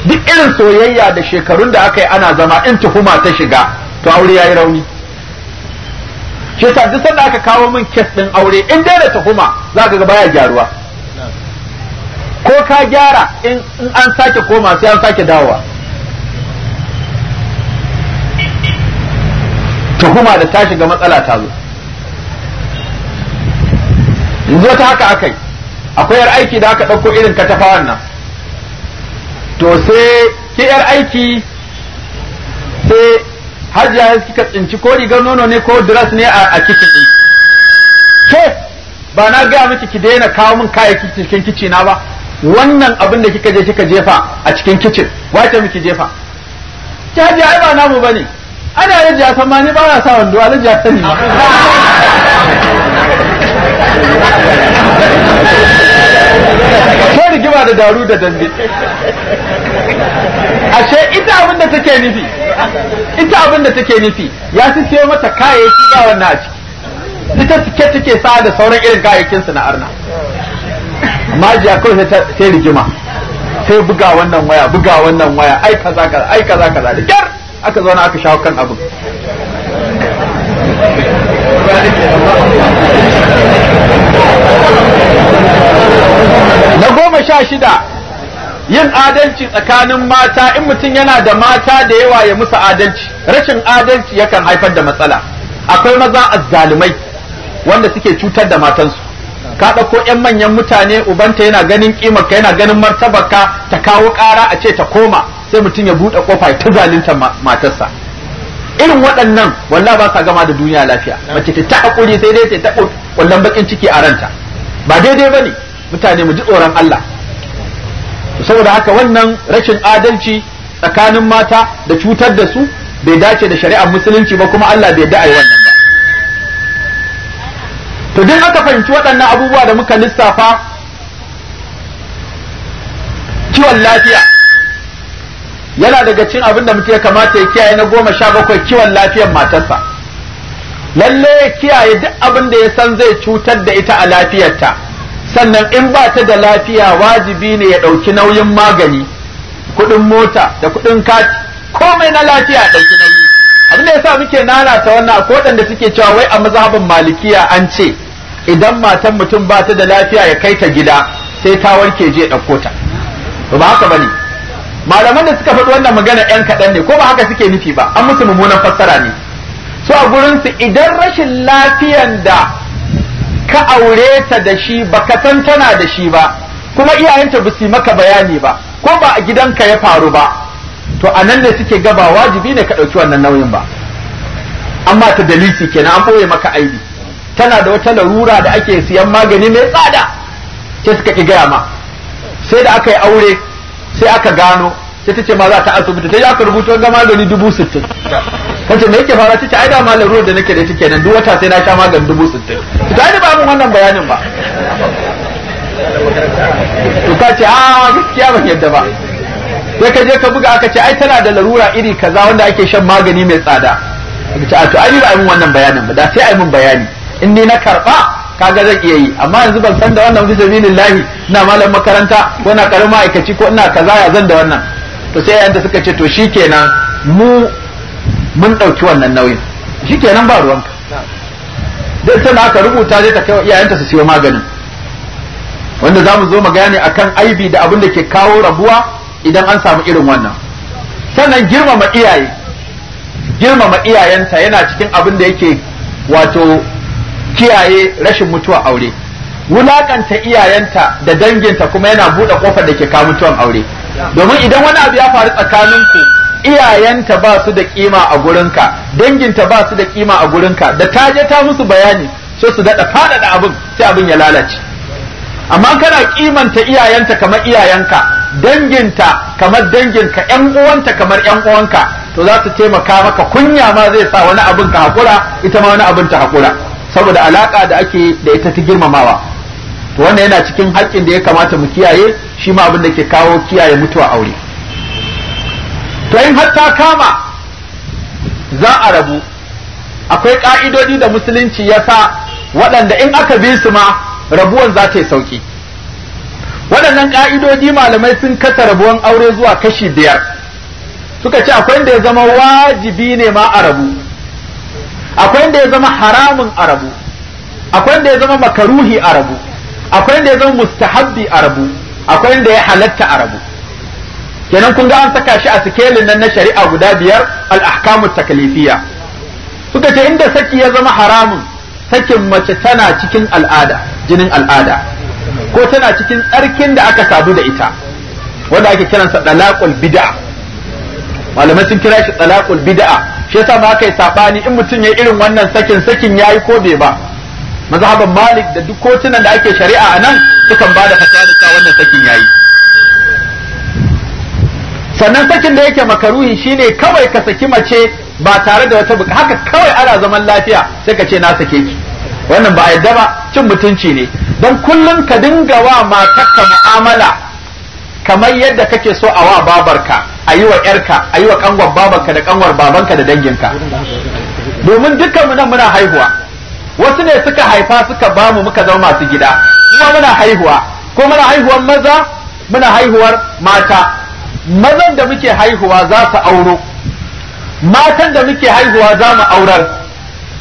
duk irin soyayya da shekarun da aka yi ana zama in tuhuma ta shiga to aure ya yi rauni shi yasa duk sanda aka kawo min kes din aure in dai da tuhuma za ka ga baya gyaruwa ko ka gyara in an sake koma sai an sake dawowa tuhuma da ta shiga matsala ta zo yanzu ta haka akai akwai yar aiki da aka ɗauko irin katafawan nan to sai ki yar aiki sai Har hajiya kika tsinci ko rigar nono ne ko dress ne a kicin din to ba na gaya miki ki daina kawo min kayayyaki cikin kicin na ba wannan abin da kika je kika jefa a cikin kicin wace miki jefa ki hajiya ai ba namu bane ana rijiya san ma ni ba na sa wando a rijiya sani rigima da daru da dambe ashe ita abin da take nufi ita abin da take nufi ya su siyo mata kayayyaki ba wannan a ita suke take sa da sauran irin kayayyakin su na arna majiya kawai sai rigima sai buga wannan waya buga wannan waya ai kaza kaza ai kaza kaza da kyar aka zauna aka shawo kan abin goma sha shida yin adalci tsakanin mata in mutum yana da mata da yawa ya musu adalci rashin adalci yakan haifar da matsala akwai maza azzalumai wanda suke cutar da matansu ka ɗauko 'yan manyan mutane ubanta yana ganin ƙimarka yana ganin martabarka ta kawo ƙara a ce ta koma sai mutum ya buɗe ƙofa ta zalunta matarsa irin waɗannan wallah ba sa gama da duniya lafiya mace ta ƙuri sai dai ta wannan bakin ciki a ranta ba daidai ba ne mutane mu ji tsoron Allah saboda haka wannan rashin adalci tsakanin mata da cutar da su bai dace da shari'ar musulunci ba kuma Allah bai da'ai wannan ba to duk aka fahimci waɗannan abubuwa da muka lissafa kiwon lafiya yana daga cin abin da mutum ya kamata ya kiyaye na goma sha bakwai kiwon lafiyar matarsa lalle ya kiyaye duk abin da ya san zai cutar da ita a lafiyarta sannan in ba ta da lafiya wajibi ne ya ɗauki nauyin magani kuɗin mota da kuɗin kati komai na lafiya ɗauki nauyi abin da yasa muke nana ta wannan ko waɗanda suke cewa wai a mazhabin malikiya an ce idan matan mutum ba ta da lafiya ya kai ta gida sai ta warke je ɗauko ta ba haka bane malaman da suka faɗi wannan magana ƴan kaɗan ne ko ba haka suke nufi ba an musu mummunan fassara ne so a gurin su idan rashin lafiyan da ka aure ta da shi baka san tana da shi ba kuma iyayenta ba su maka bayani ba ko ba a gidanka ya faru ba to a nan ne suke gaba wajibi ne ka ɗauki wannan nauyin ba amma ta dalisi kenan an ɓoye maka aibi tana da wata larura da ake siyan magani mai tsada sai suka ki gaya ma sai da aka yi aure sai aka gano sai ta ce ma za ta asibiti ta aka rubuta ga magani dubu sittin ce me yake fara tace ai da a ruwa da nake da ita kenan duk wata sai na sha maganin dubu sittin to ai ba mun wannan bayanin ba to ka ce a ah, gaskiya ban yadda ba sai ka je ka buga aka ce ai tana da larura iri kaza wanda ake shan magani mai tsada ka ce a ah, to ai ba mun wannan bayanin ba da sai ai mun bayani in ni na karba kaga zan iya yi amma yanzu ban san da wannan fi billahi ina malam makaranta ko na karama aikaci ko ina kaza ya zan da wannan to sai yanta suka ce to shikenan mu mun ɗauki wannan nauyin shi kenan ba ruwanka duk na aka rubuta zai ta kai wa iyayenta su siyo magani wanda za mu zo mu gane akan aibi da abin da ke kawo rabuwa idan an samu irin wannan sannan girmama iyaye girmama iyayenta yana cikin abin da yake wato kiyaye rashin mutuwa aure wulakanta iyayenta da danginta kuma yana buɗe kofar da ke kawo mutuwan aure domin idan wani abu ya faru tsakaninku iyayenta ba su da kima a gurinka danginta ba su da kima a gurinka da ta je ta musu bayani sai su daɗa faɗaɗa abin sai abin ya lalace amma kana kimanta iyayenta kamar iyayenka danginta kamar danginka ƴan uwanta kamar ƴan uwanka to za su taimaka maka kunya ma zai sa wani abin ka hakura ita ma wani abin ta hakura saboda alaka da ake da ita ta girmamawa to wannan yana cikin haƙƙin da ya kamata mu kiyaye shi ma abin da ke kawo kiyaye mutuwa aure to in har ta kama za a rabu akwai ka'idodi da musulunci ya sa waɗanda in aka bi su ma rabuwan za ta yi sauki waɗannan ka'idodi malamai sun kasa rabuwan aure zuwa kashi biyar suka ce akwai da ya zama wajibi ne ma a rabu akwai da ya zama haramun a rabu akwai da ya zama makaruhi a rabu akwai da ya zama mustahabbi a rabu akwai da ya halatta a rabu kenan kun ga an saka shi a sikelin nan na shari'a guda biyar al-ahkamu taklifiya suka ce inda saki ya zama haramun sakin mace tana cikin al'ada jinin al'ada ko tana cikin tsarkin da aka sadu da ita wanda ake kiransa dalaqul bid'a malamai sun kira shi dalaqul bid'a shi yasa ba aka yi sabani in mutum yayi irin wannan sakin sakin yayi ko bai ba mazhaban malik da duk kotunan da ake shari'a anan, nan sukan ba da fatawa wannan sakin yayi sannan sakin da yake makaruhi shine kawai ka saki mace ba tare da wata buƙata haka kawai ana zaman lafiya sai ka ce na sake ki wannan ba a yadda ba cin mutunci ne don kullum ka dinga wa matarka mu'amala kamar yadda kake so a wa babarka a yi wa yarka a yi wa kanwar babarka da kanwar babanka da danginka domin dukkan mu nan muna haihuwa wasu ne suka haifa suka bamu muka zama masu gida kuma muna haihuwa ko muna haihuwar maza muna haihuwar mata mazan da muke haihuwa za su auro matan da muke haihuwa za mu aurar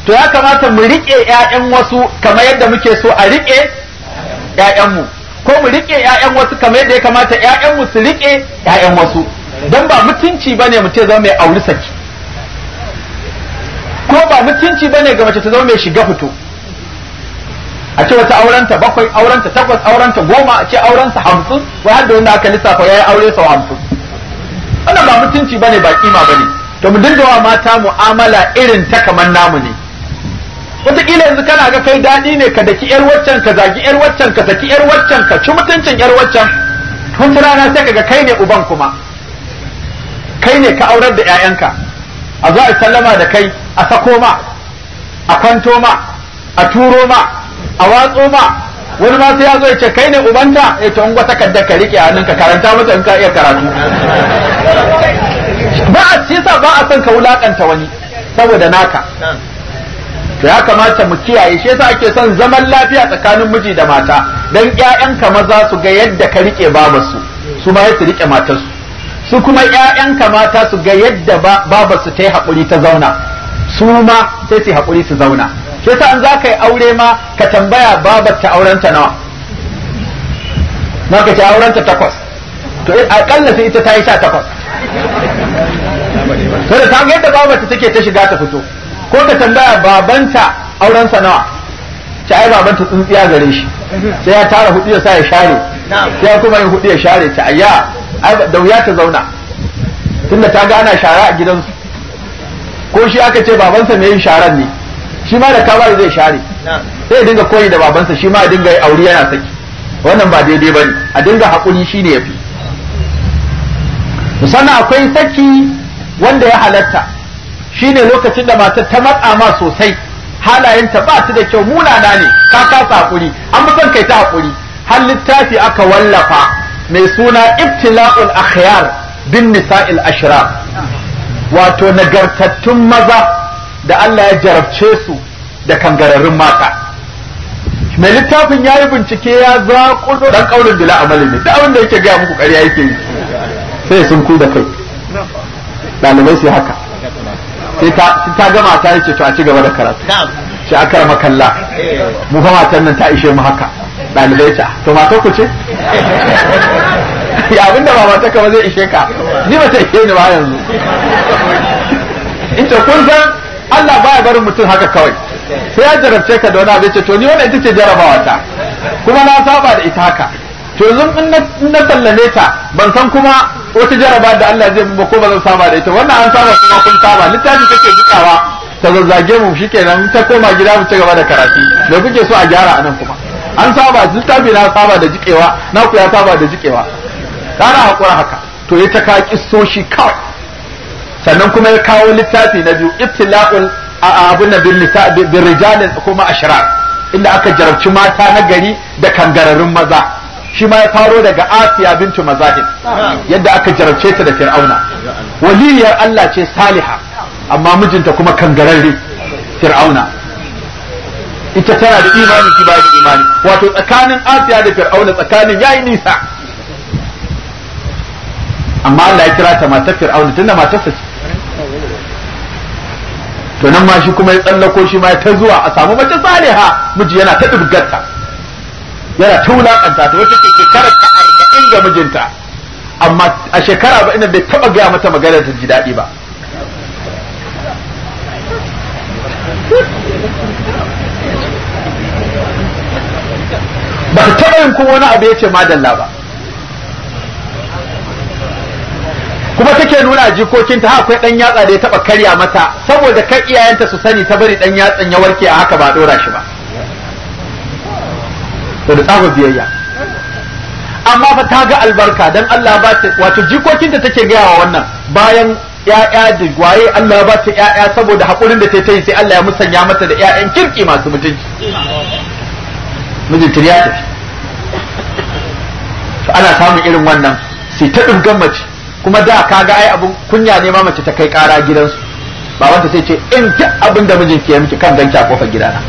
to ya kamata mu riƙe 'ya'yan wasu kamar yadda muke so a riƙe 'ya'yanmu ko mu riƙe 'ya'yan wasu kamar yadda ya kamata 'ya'yanmu su riƙe 'ya'yan wasu don ba mutunci bane mu ce zama mai auri saki ko ba mutunci bane ga mace ta zama mai shiga fito a ce wata aurenta bakwai aurenta takwas aurenta goma a ce aurenta hamsin wai har da wanda aka lissafa ya yi aure sau hamsin wannan ba mutunci bane ba kima bane to mu dinga wa mata mu'amala irin ta kamar namu ne wataƙila yanzu kana ga kai daɗi ne ka daki yar waccan ka zagi yar waccan ka saki yar waccan ka ci mutuncin yar waccan wata rana sai ka ga kai ne uban kuma kai ne ka aurar da 'ya'yanka a zo a sallama da kai a sako ma a kwanto ma a turo ma a watso ma wani ma sai ya zo ya ce kai ne ubanta ya ce ungwa takarda ka rike a hannunka karanta mata in ka iya karatu ba a ci sa ba a son ka wulakanta wani saboda naka to ya kamata mu kiyaye shi yasa ake son zaman lafiya tsakanin miji da mata dan ƴaƴanka maza su ga yadda ka rike babarsu su ma su rike matarsu su kuma ƴaƴanka mata su ga yadda babarsu ta yi haƙuri ta zauna su ma sai su haƙuri su zauna shi yasa an za ka yi aure ma ka tambaya babar ta aurenta nawa na ka aurenta takwas to eh, akalla sai ita ta yi sha takwas kada ta ga yadda babarta take ta shiga ta fito ko ta tambaya babanta auren nawa ta ai babanta tsuntsiya gare shi sai ya tara hudu ya sa ya share sai ya kuma yin hudu ya share ta ayya da wuya ta zauna tunda ta ga ana shara a gidansu ko shi aka ce babansa mai yin sharan ne shi ma da kawai zai share sai ya dinga koyi da babansa shi ma ya dinga yi aure yana saki wannan ba daidai bane a dinga haƙuri shine yafi sannan akwai saki wanda ya halatta shine lokacin da matar ta matsa ma sosai halayenta ba su da kyau munana ne ka kasa hakuri an fi son kai ta hakuri har littafi aka wallafa mai suna ibtila'ul akhyar bin nisa'il ashra wato nagartattun maza da Allah ya jarabce su da kangararrun mata mai littafin ya yi bincike ya zaƙo dan kaulin bila amali ne duk abin da yake gaya muku ƙarya yake yi sai sun ku da kai ɗalibai su haka sai ta gama ta yi to a ci gaba da karatu shi aka rama kalla mu fa matan nan ta ishe mu haka ɗalibai ta to matar ku ce ya abinda ba matar ka ba zai ishe ka ni ba ta ishe ni ba yanzu ita kun san Allah baya barin mutum haka kawai sai ya jarabce ka da wani abin ce to ni wannan ita ce jarabawa ta kuma na saba da ita haka to yanzu in na sallame ta ban san kuma wata jaraba da Allah zai mu ko ba zan saba da ita wannan an saba kuma kun saba littafi take dukawa ta zazzage mu shikenan ta koma gida mu ci gaba da karatu da kuke so a gyara anan kuma an saba littafi na saba da jikewa na ku ya saba da jikewa kana hakura haka to ya ta ka shi kawai sannan kuma ya kawo littafi na biyu ibtila'ul abun bil nisa bil rijal kuma ashirar. inda aka jarabci mata na gari da kangararrun maza shi ma ya faro daga Asiya bintu Mazahid yadda aka jarabce ta da Fir'auna Waliyyar Allah ce saliha amma mijinta kuma kangararre Fir'auna ita tana da imani ki ba da imani wato tsakanin Asiya da Fir'auna tsakanin yayi nisa amma Allah ya kira ta matar Fir'auna tunda matar sa to nan ma shi kuma ya tsallako shi ma ta zuwa a samu mace saliha miji yana ta dubgarta yana ta wulakanta ta wata ke shekarar ta arba'in ga mijinta amma a shekara ba ina bai taba gaya mata magana ta ji daɗi ba ba ta taba yin kuma wani abu ya ce ma dalla ba kuma take nuna jikokinta ha akwai dan yatsa da ya taba karya mata saboda kai iyayenta su sani ta bari ɗan yatsan ya warke a haka ba dora shi ba to da tsaba biyayya amma fa ta ga albarka dan Allah ba ta wato da take gaya wa wannan bayan ya'ya da waye Allah ba ta ya'ya saboda hakurin da ta yi sai Allah ya musanya mata da ya'yan kirki masu mutunci mijin ya tafi ana samun irin wannan sai ta dubgan mace kuma da kaga ai abun kunya ne ma mace ta kai kara gidansu ba wanda sai ce in duk abin da mijinki ya miki kan ganki a kofar gidana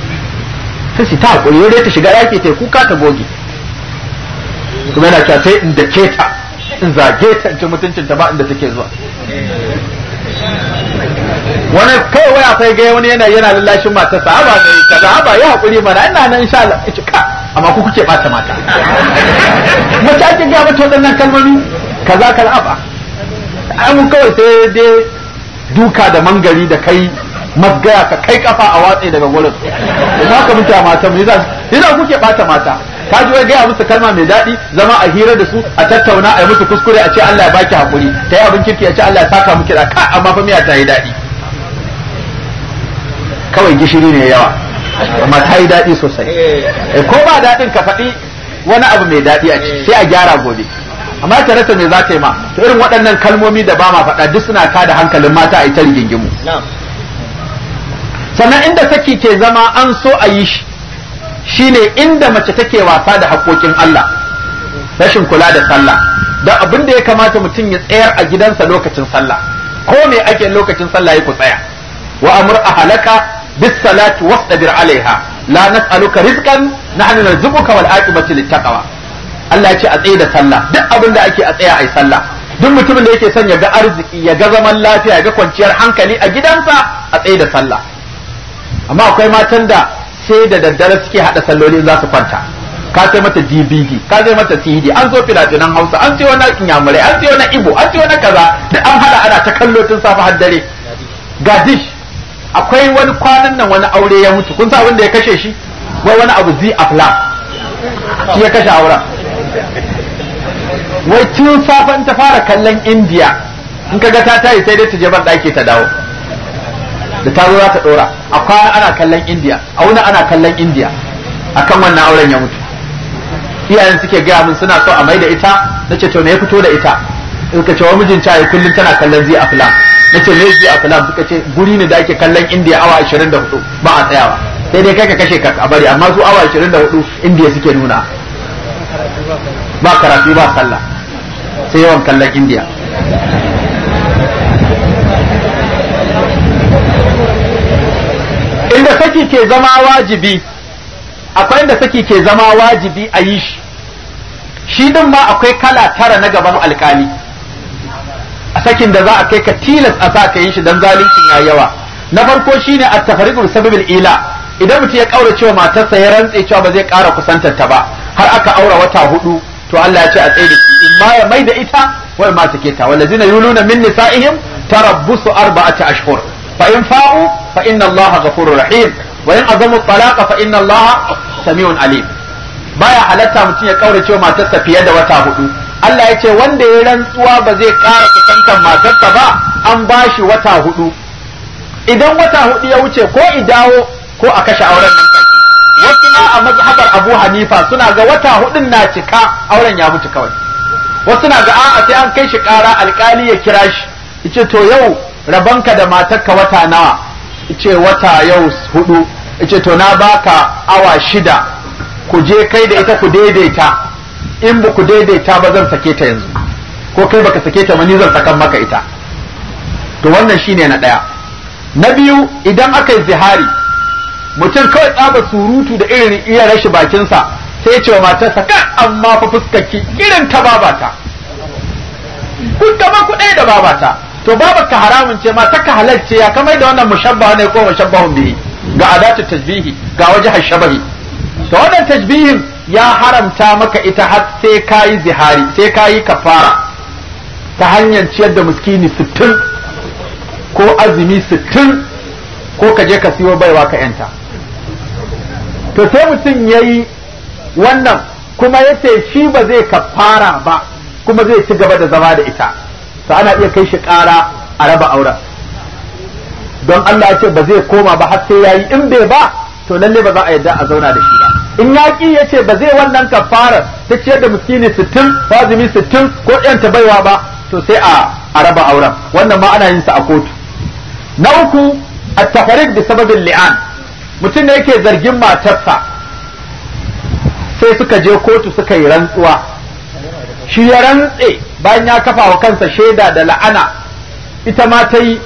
sai ce ta hakuri yau ta shiga ɗaki ta kuka ta goge kuma yana cewa sai in ke ta in zage ta in ci mutuncin ta ba inda take zuwa wani kai waya sai ga wani yana yana lallashin mata sahaba ne kaza haba ya hakuri mana ina nan insha Allah ki ka amma ku kuke bata mata mata ki ga mata wadannan kalmomi kaza kaza haba an kawai sai dai duka da mangari da kai mazgaya ka kai kafa a watsi daga gurin za ka mutu mata mu yasa kuke bata mata ka ji wai gaya musu kalma mai daɗi zama a hira da su a tattauna a yi musu kuskure a ce Allah ya baki hakuri ta yi abin kirki a ce Allah ya saka miki da ka amma fa miya ta yi daɗi kawai gishiri ne yawa amma ta yi daɗi sosai eh, ko ba daɗin ka faɗi wani abu mai daɗi a ciki sai a gyara gobe amma ta rasa me za ta yi ma to irin waɗannan kalmomi da ba ma faɗa duk suna ka da hankalin mata a ita rigingimu sannan inda saki ke zama an so a yi shi shine inda mace take wasa da haƙoƙin Allah rashin kula da sallah da abin da ya kamata mutum ya tsayar a gidansa lokacin sallah ko me ake lokacin sallah ya ku tsaya wa amur ahlaka bis salati wasbir alaiha la nas'aluka rizqan nahnu narzuquka wal aqibatu littaqwa Allah ya ce a tsaye da sallah duk abin da ake a tsaya ai sallah duk mutumin da yake son ya ga arziki ya ga zaman lafiya ya ga kwanciyar hankali a gidansa a tsaye da sallah amma akwai matan da sai da daddare suke hada salloli za su kwanta ka sai mata DVD ka sai mata CD an zo filafinan Hausa an ce wani inyamurai an ce wani ibo an ce wani kaza da an hada ana ta kallo tun safa har dare gadish akwai wani kwanan nan wani aure ya mutu kun sa wanda ya kashe shi wai wani abu zi afla shi ya kashe auren wai tun safan ta fara kallon Indiya. in kaga ta tayi sai dai ta je ban daki ta dawo da ta zo za ta dora a kwana ana kallon indiya a wani ana kallon indiya akan wannan auren ya mutu iyayen suke gaya min suna so a mai da ita nace to me ya fito da ita ka ce wa mijin ya kullum tana kallon zai a na nace me zai a fila suka ce guri ne da ake kallon indiya awa 24 ba a tsayawa sai dai kai ka kashe ka a bari amma su awa 24 indiya suke nuna ba karatu ba sallah sai yawan kallon indiya inda saki ke zama wajibi akwai inda saki ke zama wajibi a yi shi shi din ma akwai kala tara na gaban alkali a sakin da za a kai ka tilas a sa ka yi shi dan zalincin ya yawa na farko shine ne tafariqu sababil ila idan mutum ya kaura cewa matarsa ya rantse cewa ba zai ƙara kusantarta ta ba har aka aura wata hudu to Allah ya ce a tsaye da shi in ma ya mai da ita wai ma take ta wallazina yuluna min nisaihim tarabbusu arba'ata ashhur fa in fa'u fa inna Allah ghafurur rahim wa in azamu talaqa fa inna Allah samiun alim baya halatta mutum ya wa matarsa fiye da wata hudu Allah ya ce wanda ya rantsuwa ba zai ƙara kusantar matarsa ba an bashi wata hudu idan wata hudu ya wuce ko dawo ko a kashe auren nan take wasu na a mazhabar Abu Hanifa suna ga wata hudun na cika auren ya mutu kawai wasu na ga a'a sai an kai shi ƙara alƙali ya kira shi yace to yau rabanka da matarka wata nawa ce wata yau hudu ce to na baka awa shida ku je kai da ita ku daidaita in ba ku daidaita ba zan sake ta yanzu ko kai baka sake ta ba ni zan sakan maka ita to wannan shine na daya na biyu idan aka yi zihari mutum kawai tsaba surutu da irin iya rashi bakinsa sai ce wa matarsa kan amma fa fuskarki irin ta babata kun ku da babata to babu ka haramun ce ma taka ka ce ya kamar da wannan mushabba ne ko mushabbahun bihi ga adatu tajbihi ga waje hashabahi to wannan tajbihin ya haramta maka ita har sai kayi zihari sai kayi kafara ta hanyar ciyar da muskini 60 ko azumi 60 ko ka je ka siyo baiwa ka yanta to sai mutum yayi wannan kuma yace shi ba zai kafara ba kuma zai ci gaba da zama da ita to ana iya kai shi ƙara a raba auren don Allah ya ce ba zai koma ba har sai yayi in bai ba to lalle ba za a yadda a zauna da shi ba in yaƙi ya ce ba zai wannan kafara ta ciyar da miskini sittin fazimi sittin ko ta baiwa ba to sai a a raba auren wannan ma ana yin sa a kotu na uku a tafarid bi sababin li'an mutum ne yake zargin matarsa sai suka je kotu suka yi rantsuwa shi ya rantse bayan ya kafa wa kansa shaida da la'ana ita ma ta yi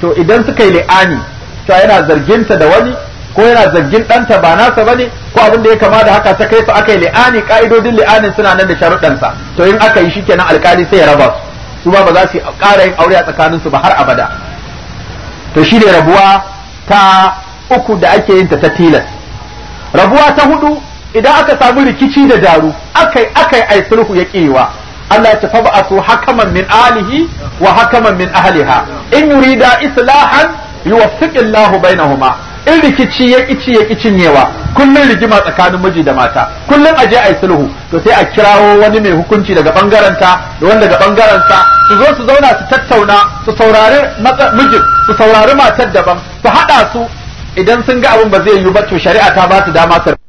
to idan suka yi li'ani to yana zarginta da wani ko yana zargin ɗanta ba nasa bane ko abin da ya kama da haka ta kai su aka yi li'ani ka'idodin li'anin suna nan da sharuɗansa to in aka yi shi kenan alkali sai ya raba su su ba ba za su ƙara yin aure a su ba har abada to shi ne rabuwa ta uku da ake yin ta ta tilas rabuwa ta hudu idan aka samu rikici da daru akai akai ai sulhu ya kewa Allah ta su hakaman min alihi wa hakaman min ahliha in yurida islahan yuwaffiqillahu bainahuma in rikici ya kici ya kicinyewa kullun rigima tsakanin miji da mata kullun aje ai sulhu to sai a kirawo wani mai hukunci daga bangaren ta da wanda daga bangaren sa su zo su zauna su tattauna su saurari mijin su saurari matar daban su hada su idan sun ga abin ba zai yiwu ba to shari'a ta ba su dama su